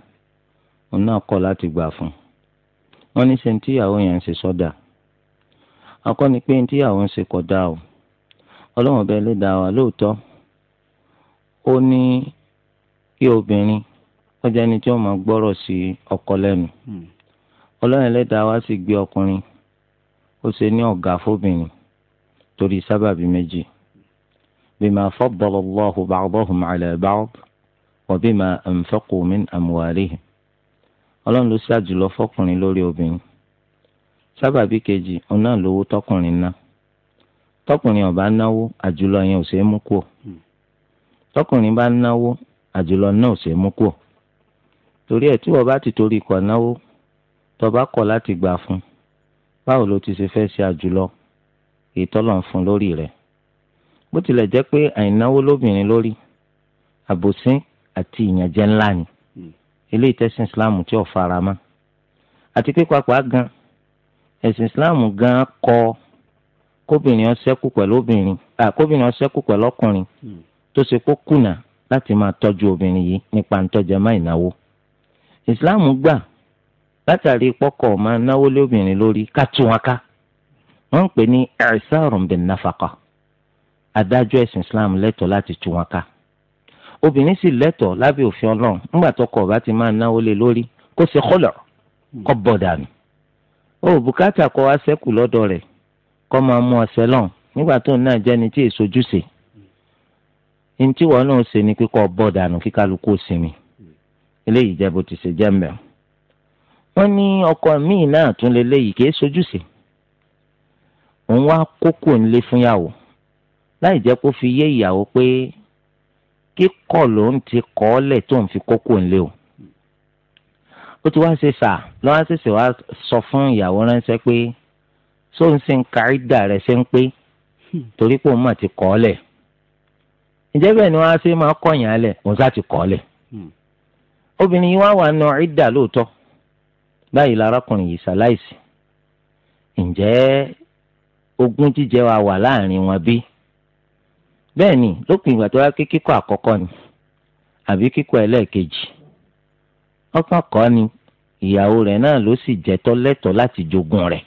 òun náà kọ̀ láti gbà fún un wọ́n ní ṣe ní tíyàwó yẹn ń ṣe sọ́dà akọ́ni pé ní tíyàwó ń ṣe kódà o ọlọ́wọ́n bẹ́ẹ̀ ló dá wa lóòótọ́ ó ní kí obìnrin ó jẹ́ ẹni tí ó máa gbọ́rọ̀ sí ọkọ lẹ́nu hmm. ọlọ́run ẹlẹ́dàá wá sì gbé ọkùnrin ó ṣe ní ọ̀gá fóbìnrin torí sábàbí méjì bima faddala Allahu ba'dahum ala ba'd wa bima anfaqu min amwalihim ọlọ́run ló ṣe àjùlọ fọkùnrin lórí obìnrin sábàbí kejì òun náà lówó tọkùnrin ná tọkùnrin ọba náwó àjùlọ yẹn ò ṣeé mú kúò tọkùnrin bá náwó àjùlọ náà ò ṣe mú kù torí ẹ̀ tí wọ́n bá ti torí kọ náwó tó bá kọ̀ láti gbà fún báwo ló ti ṣe fẹ́ ṣe àjùlọ ìtọ́lọ̀ ń fún lórí rẹ̀ bó tilẹ̀ jẹ́ pé àìnáwó lóbìnrin lórí àbòsí àti ìyànjẹ ńlá ni ilé ìtẹ́sìn islam tí ò fara mọ́ àti pé pàápàá gan ẹ̀sìn islam gan kọ̀ kóbìnrin ó ṣẹ́kù pẹ̀lú ọkùnrin hmm tó ṣe kó kùnà láti máa tọ́jú obìnrin yìí nípa ntọ́jà má ìnáwó islam gbà látàrí pọ́kọ̀ máa náwó lé obìnrin lórí ká tú wọn ká wọ́n ń pè ní ẹ̀sàrùn bin náfàkà adájọ́ ẹ̀sìn islam lẹ́tọ̀ọ́ láti tú wọn ká obìnrin sì lẹ́tọ̀ọ́ lábẹ́ òfin ọlọ́run nígbà tó kọ̀ bá ti máa náwó lé lórí kó ṣe kọ́lọ̀ kọ́ bọ̀ dànù ó bùkátà kọ́ wá sẹ́kù lọ́dọ̀ rẹ̀ kọ́ máa mú ọ̀sẹ̀ lọ́n nígbà tó náà jẹ́ni tí èso jùṣe ní tí wọn náà ṣe ni kíkọ bọ́ dànù kí kálukú sinmi eléyìí jẹ́ bó ti ṣe jẹ́ mẹ́ọ̀. wọ́n ní ọkọ míì náà tún lé léyìí kì í sojúṣe òun wá kókò ńlé fúnyàwó láì jẹ kó fi yé ìyàwó pé kíkọ ló ń ti kọ́ ọ́lẹ̀ tó ń fi kókó ńlé o ó ti wá ṣe sà lọ́wọ́ ṣẹ̀ṣẹ̀ wá sọ fún ìyàwó ránṣẹ́ pé sóun ṣe ń ka ìdá rẹ ṣe ń pé hmm. torí pé òun mà ti kọ́ ọ́lẹ̀. ǹjẹ́ bẹ́ẹ̀ ni wọ́n á ṣe máa kọ̀yìn alẹ̀ òun sá ti kọ́ lẹ̀. Hmm. obìnrin yìí wá wà nù ìdà lóòótọ́ báyìí lárakùnrin yìí ṣaláìsí ǹjẹ́ ogún jíjẹ wa wà láàrin wọn bí? bẹ́ẹ̀ ni lópin ìgbà tó wá pé kíkọ́ àkọ́kọ́ ni àbí kíkọ́ ẹlẹ́ẹ̀kejì ọkàn kọ́ ni ìyàwó rẹ̀ náà ló sì jẹ́ tọ́lẹ́tọ̀ láti jogún rẹ̀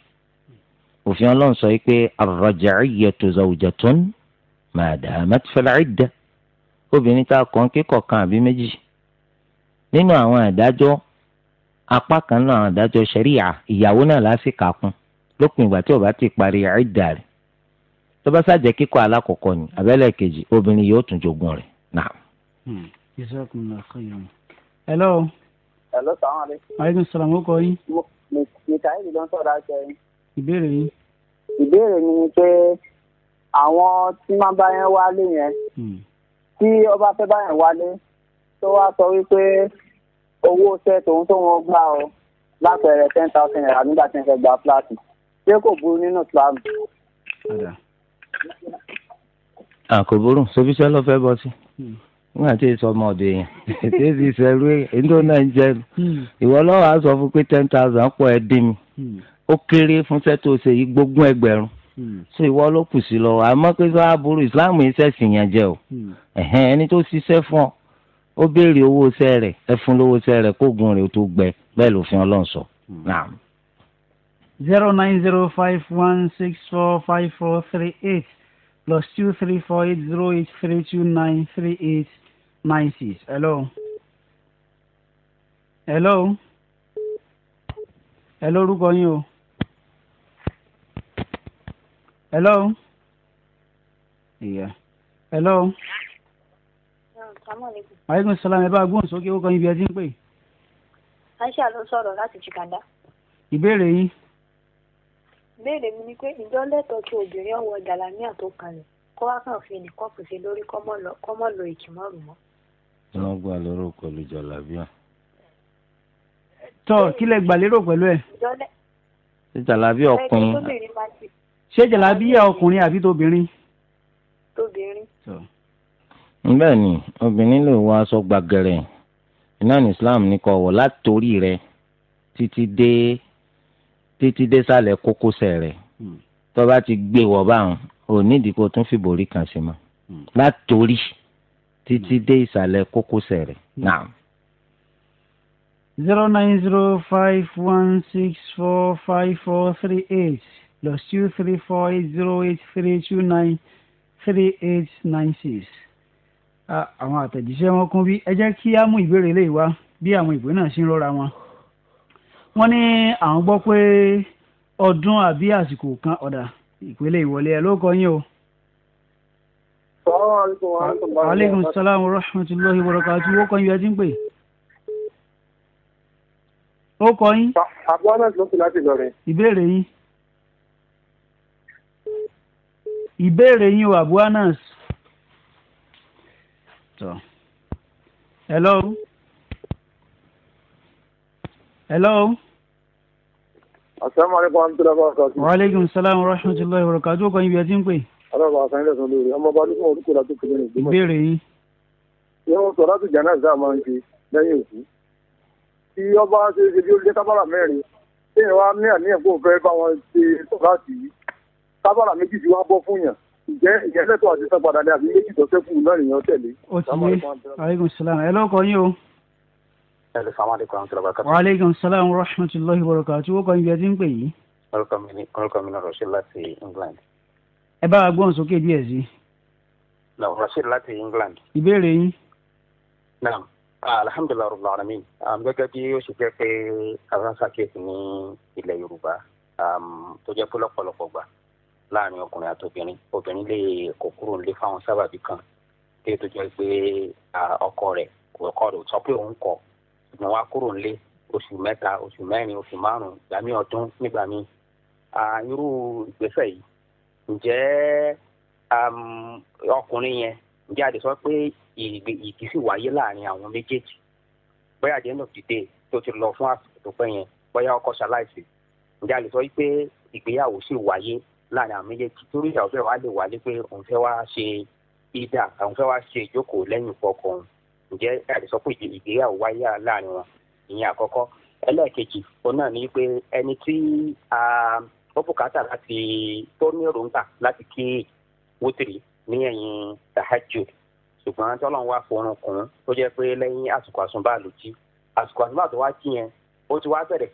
òfin ọlọ́run sọ wípé ar-raj'iyyatu zawjatun ma damat fil-'iddah obìnrin tá a kàn kíkọ̀ kan àbí méjì nínú àwọn àdájọ́ apá kan náà àwọn àdájọ́ ṣẹ̀ríà ìyàwó náà lásìkò àkún lópin ìgbà tí ó bá ti parí ẹ̀ẹ́dà rẹ̀ tó bá ṣàjẹ́ kíkọ̀ alákọ̀ọ́kọ́ ni abẹ́lẹ̀ kejì obìnrin yóò tún jogún rẹ̀ náà. Hmm. hello. hello salaam aleykum. aleykum salaam o kọ yín. mikaeli ló ń sọ̀rọ̀ àṣẹ yín. ìbéèrè yín. ìbéèrè mi ni pé àwọn tí máa bá yẹn wálé yẹn. Hmm tí ọba fẹ́ báyàn wálé tó wá sọ wípé owó iṣẹ́ tòun tó wọn gbà ọ lápẹẹrẹ ten thousand naira nígbà tí wọ́n fẹ́ gba fúláàtì ṣé kò burú nínú Islam. àkòbúrú sofiṣẹ́ ló fẹ́ bọ́ sí hmm. wọn àti èso ọmọ ọdọ èèyàn ètò èsì ìṣẹlú ètò náà ń jẹ hmm. ìwọ lọ́wọ́ àá sọ fún pé ten thousand pọ̀ ẹ́ dín mi hmm. ó kéré fún sẹ́tò ṣèyí gbógún ẹgbẹ̀rún so ìwọ ló kù sí lọ́wọ́ àmọ́ pé sọ aburú islam yìí sẹ̀sìn yẹn jẹ́ o hmm. ẹni tó ṣiṣẹ́ fún ọ ó béèrè owó iṣẹ́ rẹ̀ ẹ fún lówó iṣẹ́ rẹ̀ kóògùn rẹ̀ ó tó gbẹ bẹ́ẹ̀ lòfin ọlọ́run sọ. Hmm. zero nine zero five one six four five four three eight plus two three four eight zero eight three two nine three eight nine six. hello. hello. hello orúkọ yín o hello ìyá hello. aleykum salaam ẹ bá gbóhùn sókè ó kàn yín bí ẹ ti ń pè. aisha ló sọ̀rọ̀ láti chikanda. ìbéèrè yín. ìbéèrè mi ni pé ìjọ lẹ́tọ̀ọ́ kí obìnrin ọwọ́ dàlámíà tó kalẹ̀ kó wá kàn fi nìkan kò sí lórí kọ́mọ́ lo ìkìmọ́rù mọ́. wọ́n gbà lérò pẹ̀lú jàlábíà. tọ́ kí lẹ gbà lérò pẹ̀lú ẹ̀. jàlábíà ọkùnrin ṣé jàlábíyà ọkùnrin àbí tóbìnrin. tóbìnrin. bẹ́ẹ̀ ni obìnrin lè wọ aṣọ gbàgẹ̀rẹ̀ iná ní islam ní kó wọ̀ látòrí rẹ̀ títí dé títí dé sàlẹ̀ kókósẹ̀ rẹ̀ hmm. tó bá ti gbé wọ̀ báwọn ò nídìí kó tún fìbòrí kan sí mọ́ hmm. látòrí títí hmm. dé ìsàlẹ̀ kókósẹ̀ rẹ̀ náà. zero nine zero five one six four five four three eight plus two three four eight zero eight three two nine three eight nine six. àwọn àtẹ̀jíṣẹ́ wọn kún bí ẹ jẹ́ kí á mú ìbéèrè lè wá bí àwọn ìwé náà ṣe ń rọra wọn. wọ́n ní àwọn gbọ́ pé ọdún àbí àsìkò kan ọ̀dà ìpele ìwọlé ẹ̀ ló kọ yín o. aleykum salaam wa rahmatulahi wa barakatuh wọ́n kọ́ yín ẹ ti ń pè. ó kọ yín. àbúrò náà ló fi láti lọ rẹ̀. ìbéèrè yín. ìbéèrè yín wà Abu Anas. hello. hello. asalaamualeykum wa rahmatulahi wa barakatu. wa aleykum salaam wa rahmatulahi wa barakatu. ọkọ ibi ẹtí ń pè. alábà àkànlẹ̀ sọ lórí ọmọ bá dúpọ̀ orúkọ la tó kéde ní ìgbìmọ̀. ìbéèrè yín. yóò sọ láti jánásà máa ń ṣe lẹ́yìn òkú. tí ọba ṣe ṣe bí ó lé kábàrà mẹ́rin téèyàn wá ní àníyàn kó fẹ́ bá wọn ṣe sọ láti yìí tábàrà méjì ti wá bọ́ fún yàn ǹjẹ́ ìyẹ́lẹ́tọ̀ àti sọ́padà ni àbí méjì tó sẹ́kù náà nìyẹn tẹ̀lé. ó ti yé aleykum salaam ẹ lọ́kọ yín o. wa aleykum salaam wa rahmatulahi wa barakatuh wọ́n kọ́ ibi ẹ ti ń pè yìí. orúkọ mi ni Rashid láti England. ẹ bá wa gbọ́n sókè díẹ̀ sí i. na Rashid láti England. ìbéèrè yín. naam ah, alhamdulilayi rabbil alamin gẹ́gẹ́ bí o ṣe jẹ́ pé aransakeet ní ilẹ̀ Yorùbá tó jẹ́ pé lọ́pọ̀lọpọ̀ gbà láàrin ọkùnrin àtobìnrin obìnrin lè kó kúrò nílé fáwọn sábàbí kan lè tó jẹ́ pé ọkọ rẹ̀ ọkọ rẹ̀ ò sọ pé òun kọ̀ ṣùgbọ́n wá kúrò nílé oṣù mẹ́ta oṣù mẹ́rin oṣù márùn-ún ìgbà míì ọdún nígbà míì irú ìgbésẹ̀ yìí ǹjẹ́ ọkùnrin yẹn ǹjẹ́ àdìsọ pé ìdí sì wáyé láàrin àwọn méjèèjì bóyá àdé náà tó ti lọ fún àsìkò tó pẹ́ yẹn bóyá ọkọ ṣaláìsí ǹjẹ́ àdìsọ pé ìgbéyàwó sì wáyé lára àwọn méjèèjì torí ìyàwó fẹ́ lè wà nípe òun fẹ́ wá ṣe ìdá àwọn fẹ́ wá ṣe ìjókòó lẹ́yìn ìfọkọ òun ǹjẹ́ pé ìgbéyàwó wáyà láàrin wọn ìyẹn àkọ́kọ́ ẹlẹ́ẹ̀kejì òun náà ní pé ẹni tí ó bùkátà láti tó ní láti kí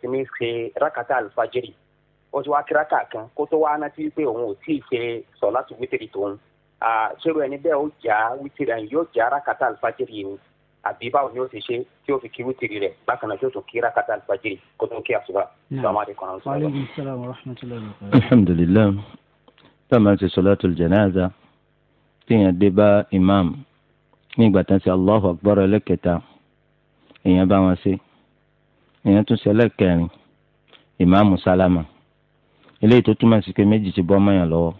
ní ó ti wá kíráka kan kó tó wá rántí pé òun ò tí ì ṣe sọ̀látù wítìrì tòun ṣerú ẹni bẹ́ẹ̀ ó jà wítìrì àyìn yóò jà rákàtà alifájìrì yìí àbí báwo ni ó ti ṣe tí ó fi kí wítìrì rẹ̀ bákan náà yóò tún kí rákàtà alifájìrì kó tó kí àṣùbà. nígbà tán sí allahu akbar ẹlẹ́kẹta èèyàn bá wọn ṣe èèyàn tún ṣe ẹlẹ́kẹrin ìmáàmù sálámà eléyìí tó túmọ̀ sí pé méjì ti bọ́ mọ́yàn lọ́wọ́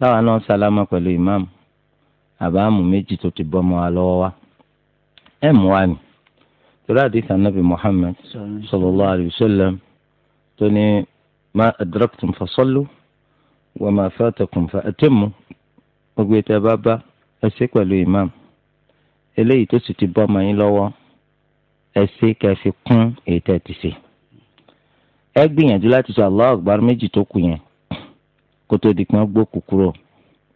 láwa hmm. náà sálámà pẹ̀lú ìmáàmù àbáàmù méjì tó ti bọ́ mọ́ wa lọ́wọ́ wa ẹ̀ mú wa ni torí àdìsí anábì Muhammad sallallahu alayhi wa sallam tó ní ma adraktum fasallu wa ma fatakum fa atimmu gbogbo ètò ẹ bá bá pẹ̀lú ìmáàmù eléyìí tó sì ti bọ́ mọ́ yín lọ́wọ́ ẹ ṣe kún ètò ẹ ti ẹ gbìyànjú láti sọ Allahu Akbar méjì tó kù yẹn kó tó di pé wọ́n gbókù kúrò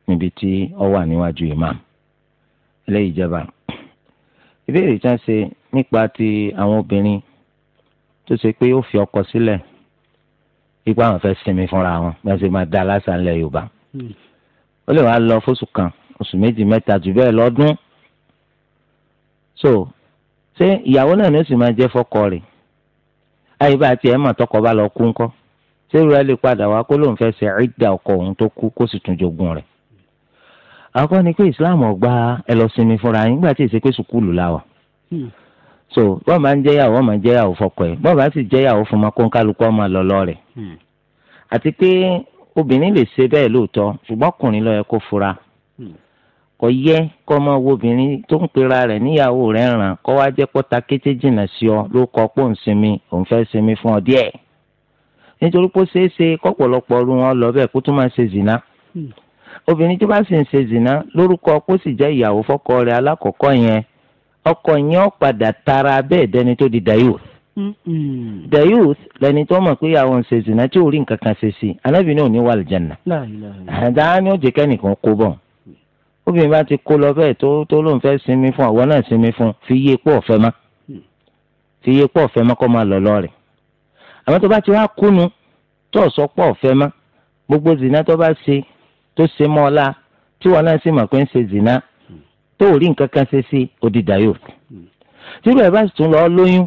níbi tí ọ wà níwájú imam eléyìí jẹba ìbéèrè tí wọ́n ṣe nípa ti àwọn obìnrin tó ṣe pé ó fi ọkọ sílẹ̀ ipá àwọn fẹ́ sinmi fúnra wọn bí wọ́n ṣe máa dá aláṣà ńlẹ̀ Yorùbá ó lè wá lọ fóṣù kan oṣù méjì mẹ́ta jù bẹ́ẹ̀ lọ́dún so ṣé ìyàwó náà ni ó máa jẹ́ fọ́kọ rẹ̀ ayé bá tiẹ̀ mọ̀ tọkọ bá lọ kú ńkọ́ sẹ́rù ẹ lè padà wá kó lóun fẹ́ ṣe ìdá ọkọ òun tó kú kó sì tún jogún rẹ̀. àkọ́kọ́ ni pé islam ọgbà ẹ lọ sinmi fúnra yín nígbà tí èsì pé sùkúlù la hmm. so bọ́ọ̀ máa ń jẹ́yàwó ọmọ jẹ́yàwó fọkọ ẹ̀ bọ́ọ̀ bá sì jẹ́yàwó fún ọmọ kónkálukú ọmọ lọ́lọ́ rẹ̀. Hmm. àti pé obìnrin lè ṣe bẹ́ẹ̀ lóòótọ́ ṣùgbọ́n ọkùnrin ló yẹ kó fura kò yẹ kó ọmọ wo obìnrin tó ń pera rẹ̀ níyàwó rẹ̀ ràn kó wá jẹ́ pọ́ta kété jìnnà sí ọ ló kọ́ pò ń sinmi òun fẹ́ sinmi fún ọ díẹ̀ nítorí pé ó ṣeé ṣe kọ́pọ̀lọpọ̀ ọrú wọn lọ bẹ́ẹ̀ kó tún máa ṣe zìnà hmm. obìnrin tó bá sì ń ṣe zìnà lórúkọ kó sì jẹ́ ìyàwó fọ́kọ rẹ̀ alákọ̀ọ́kọ́ yẹn ọkọ yẹn ó padà tara bẹ́ẹ̀ dẹni tó di dayuth. Hmm. dayuth lẹni tó mọ̀ pé àwọn ṣe zìnà tí ò rí nǹkan kan ṣe sí anábìínú ò ní wà lìjànà. àdáhà ni ó jẹ́ kẹ́nìkan kó bọ̀ obìnrin bá ti kó lọ bẹ́ẹ̀ tó tó lóun fẹ́ sinmi fún àwọn náà sinmi fún fi yé pọ̀ ọ̀fẹ́ má hmm. fi yé pọ̀ ọ̀fẹ́ má kọ́ máa lọ lọ́ọ̀rẹ̀ àmọ́ tó bá ti wá kúnu tó sọ pọ̀ ọ̀fẹ́ má gbogbo zina tó bá ṣe tó ṣe mọ́ ọ la tí wọn náà sì mọ̀ pé ń ṣe zina hmm. tó rí nǹkan kan ṣe sí odidi ayò hmm. tí bẹ́ẹ̀ bá sì tún lọ lóyún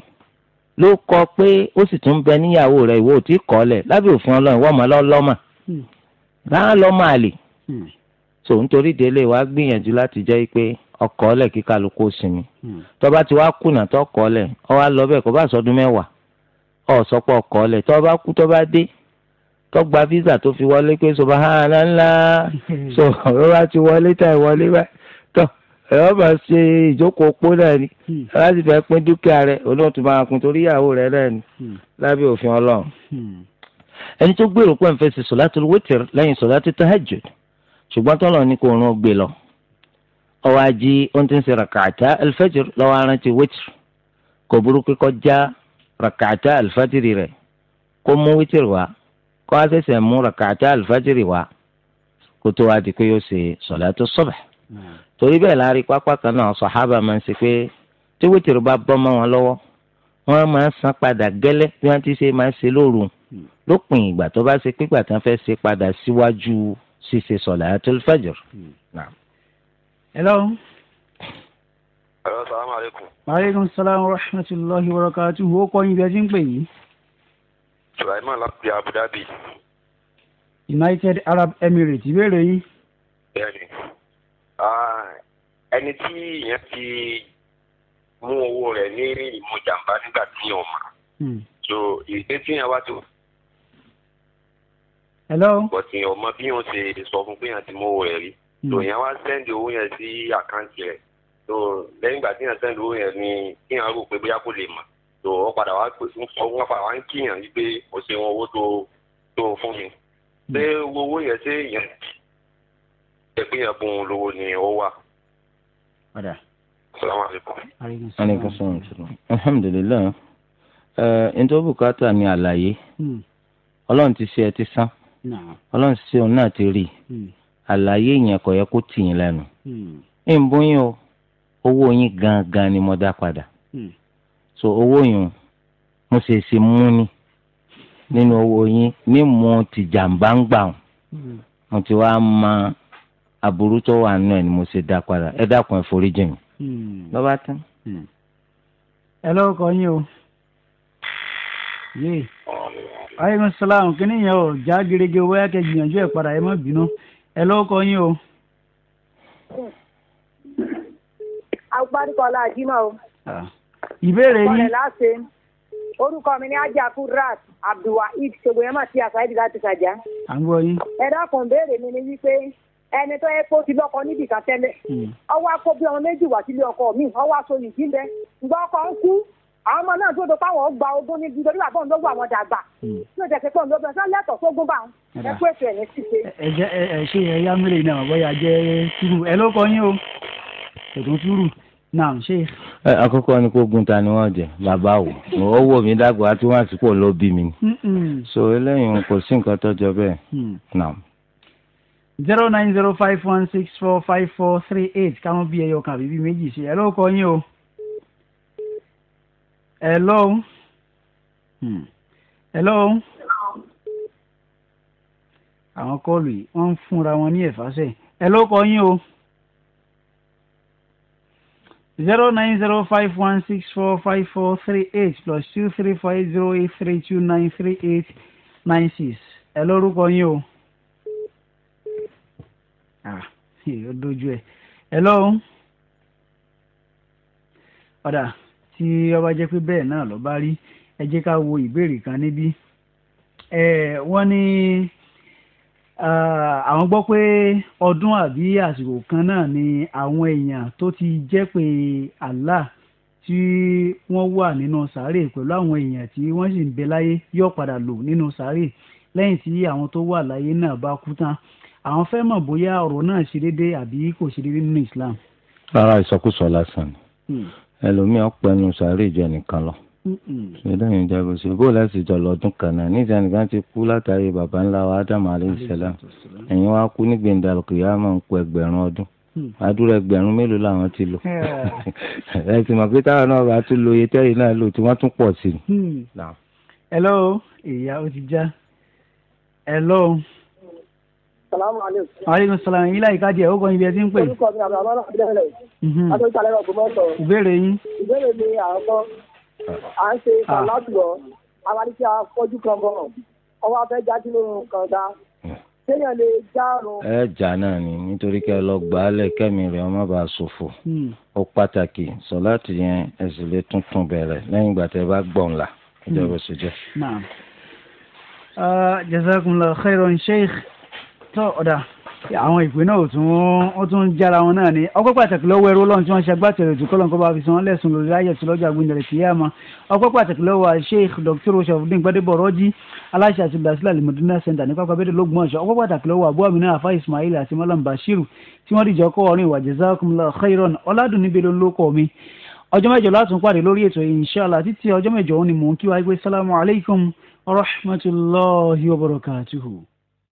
ló kọ pé ó sì tún bẹ níyàwó rẹ̀ ìwọ ò tí kọ́ lẹ̀ lábẹ́ òfin ọlọ́run wọ́n mọ̀ lọ́lọ́mà rárá lọ́mọ àlè so nítorí délé wàá gbìyànjú láti jẹ́ pé ọkọ̀ ọ̀lẹ̀ kí kálukú sinmi hmm. tọ́ba ti wá kùnà tọkọ̀ ọ̀lẹ̀ ọ wá lọ bẹ́ẹ̀ kó bá sọdún mẹ́wàá ọ sọpọ̀ ọkọ̀ ọ̀lẹ̀ tọ́ba kú tọ́ba dé tọ́gba visa tó fi wọlé pé subhanallah so ọ̀rọ̀ wa ti wọlé tàì wọlé báyìí tọ́ ẹ̀rọ bá ṣe ìjókòó opó náà ni láti hmm. fẹ́ pín dúkìá rẹ̀ olóòtú máa kun torí ìyàwó rẹ̀ náà ni hmm. lábẹ́ òfin ọlọ́run ẹni tó gbèrò pé ń fẹ́ ṣe sọ̀látù wítìrì lẹ́yìn sọ̀látù tahajjud ṣùgbọ́n tọ́lọ̀ ní kò rún ọgbẹ́ lọ ọwọ́ ají ó ti ń ṣe rakata alfajr lọ́wọ́ arántí wẹ́tìrì kò burú kíkọ́ já rakata alfajiri rẹ̀ kó mú wẹ́tìrì wá kó a ṣẹ̀ṣẹ̀ mú rakata alfajiri wá kó tó wá di pé yóò ṣe salatu subh hmm. torí bẹ́ẹ̀ láàrin pápá kan náà sàhábà máa ń ṣe pé tí wẹ́tìrì bá bọ́ mọ́ wọn lọ́wọ́ wọ́n máa ń san padà gẹ́lẹ́ bí wọ́n ti ṣe máa ń ṣe lóru hmm. lópin ìgbà tó bá ṣe pígbà fẹ́ ṣe padà síwájú. Si ṣíṣe sọ̀látul fajr. Mm. hello. hello salaamu aleykum. maaleykum salaam wa rahmatulahi wa barakatuhu ó kọ́ yín bí ẹ ti ń pè yìí. sulaiman láti abu dhabi. united arab emirates ìbéèrè yín. bẹ́ẹ̀ni ẹni tí ìyẹn ti mú owó rẹ̀ ní ìmọ̀ nígbà tí yẹn ò hmm. so ìgbésí yẹn wá tó hello. but èèyàn mọ bí wọn ṣe sọ fún pé èèyàn ti mú owó rẹ̀ rí tó hmm. èèyàn wá sẹ́ndì owó yẹn sí àkáǹtì rẹ̀ tó lẹ́yìn ìgbà tí èèyàn sẹ́ndì owó yẹn ni kí èèyàn rò pé bóyá kò lè mà tó wọ́n padà wá pè fún ọ wọ́n padà wá ń kíyàn yí pé o ṣe wọn owó tó tó fún mi hmm. ṣé owó yẹn ṣé èèyàn ṣe pé èèyàn bùn lówó ni ó wà. padà. salaamaleykum. aleykum salaam. alhamdulilayi ẹ ǹ tó bùkátà ni àlàyé hmm. ọlọ́run ti ṣe ẹ ti sán ọlọ́run sí òun náà ti rí hmm. àlàyé yẹn kò yẹ kó tì yín lẹ́nu hmm. ń bóyá o owó yín gangan ni mo dá padà hmm. so owó yín mo ṣe ṣe mú ni nínú owó yín ní mo ti jàǹbá ń gbà wọn mo ti wá ma aburú tó wà nù ẹ ni mo ṣe dá padà ẹ dákun ẹ forí jìn mí lọ́ba tán. ẹ lọ́kọ̀ yín o yé aleykum salaam kíní yẹn o já gerege o bóyá kẹ gbìyànjú ẹ padà ẹ má bínú ẹ lọ́wọ́ kọ yín o. agbárùkọlá àjímọ̀ o. ìbéèrè yín. ọ̀rẹ́ láṣẹ orúkọ mi ní ajaku rat abdulwaheed ṣògbọ́n yẹn mà sí àṣàyèdè láti ṣàjà. à ń gbọ́ yín. ẹ dákun béèrè mi ni wípé ẹni tó yẹ kó ti lọkọ níbi kan tẹ́lẹ̀ ọwọ́ hmm. akó ọmọ méjì wá sílé ọkọ mi ọwọ́ aṣọ yìí jí bẹ ǹgbọ́ ọkọ ń kú àwọn ọmọ náà tó do fáwọn gba ogún ní bí lórí bàbá òun ló wà wọn dàgbà hmm. tí ó jẹ pé òun ló bẹ sọ lẹtọ sógún bá òun ẹ kó ètò ẹ ní síse. ẹ jẹ ẹ ṣe ẹ yá mílẹ̀ náà bóyá jẹ́ túrú ẹ ló kọ yín o ètò túrú náà ṣe. ẹ àkọ́kọ́ ni kó gun ta ni wọ́n jẹ bàbá wò hmm. ó wò dàgbà tí wọ́n ti pò ló bí mi. Hmm. so eléyìí kò sí nǹkan tó jọ bẹ́ẹ̀ náà. zero nine zero five one six four five four three eight káwọn bí ẹyọ kan àbí bí méjì ṣe ẹ ló kọ yín o hello hmm. hello àwọn kọlù yìí wọ́n ń fúnra wọn ní ẹ̀fáṣẹ̀ ẹ ló yín o zero nine zero five one six four five four three eight plus two three five zero eight three two nine three eight nine six ẹ lórúkọ yín o ah ó dojú ẹ hello ọ̀dà tí ọba jẹ́ pé bẹ́ẹ̀ náà ló bá rí ẹ jẹ́ ká wo ìbéèrè kan níbí wọ́n ní àwọn gbọ́ pé ọdún àbí àsìkò kan náà ni àwọn èèyàn tó ti jẹ́ pé Allah tí wọ́n wà nínú sàárè pẹ̀lú àwọn èèyàn tí wọ́n sì ń bẹ láyé yóò padà lò nínú sàárè lẹ́yìn tí àwọn tó wà láyé náà bá kú tán àwọn fẹ́ mọ̀ bóyá ọ̀rọ̀ náà ṣe déédé àbí kò ṣe déédé nínú Islam. rárá ìsọkúsọ lásán ni hmm. ẹlòmíì ọ̀pẹ̀nu sàárè jẹ nìkan lọ. ṣèdáyìn ìjàgbọ́ sí bó láti jọ lọ́dún kan náà nìkan ti kú látàrí baba ńlá wa ádámù aleyhisselam ẹ̀yin wa kú ní gbẹ̀ndàlùkì máa ń kú ẹgbẹ̀rún ọdún hmm. àdúrà ẹgbẹ̀rún mélòó làwọn ti lò mọ̀ pé táwọn lo iye náà lò tí hmm. hello ìyá ó hello. aleykum salaam yín láyìí o ó kọyìn bí ẹ ti ń pè. orúkọ mi àbúrò àbúrò abdulhele. adójú alẹ́ ọ̀gbọ́n mọ́tò. ìbéèrè yín. ìbéèrè mi àkọ́ à ń ṣe ìtàn láti lọ a akọ́jú kan bọ̀ ọwọ́ afẹ́ já sínú kànga hmm. kéèyàn lè já run. ẹ jà náà ni nítorí kẹ lọ gbà á lẹ kẹmi rẹ ọmọ bá ṣòfò hmm. ó pàtàkì sọláàtì yẹn ẹsìn lè tuntun bẹ̀rẹ̀ lẹ́yìn ìgbà tẹ bá gbọ̀n la ìjọba ṣe jẹ. Ah, jazakumullahu khairan sheikh tó ọ̀dà àwọn ìpè náà tún ó tún jára wọn náà ni ọpẹ́ pàtàkì lọ́wọ́ ẹrú Ọlọ́run tí wọ́n ṣe agbátẹrù tí kọlọn kó bá fi san án lẹ́sùn lórí ayé tí lọ́jọ́ àgbéǹdẹrẹ sí yàmá ọpẹ́ pàtàkì lọ́wọ́ Sheikh Dr. Sharafudeen Gbadebo Rọjí aláṣẹ àti olùdásílẹ̀ alimọdúnà center ní pápá bẹẹdẹ lógún ọṣọ ọpẹ́ pàtàkì lọ́wọ́ abu amina afa Ismail àti malam Bashiru tí wọ́n dìjọ kọ orin ìwà jazakumullahu khairan ọládùn níbi ló ń lókọ mi ọjọ́ mẹ́jọ látún pàdé lórí inshallah títí ọjọ́ mẹ́jọ òun ni mò ń kí wa pé sálámù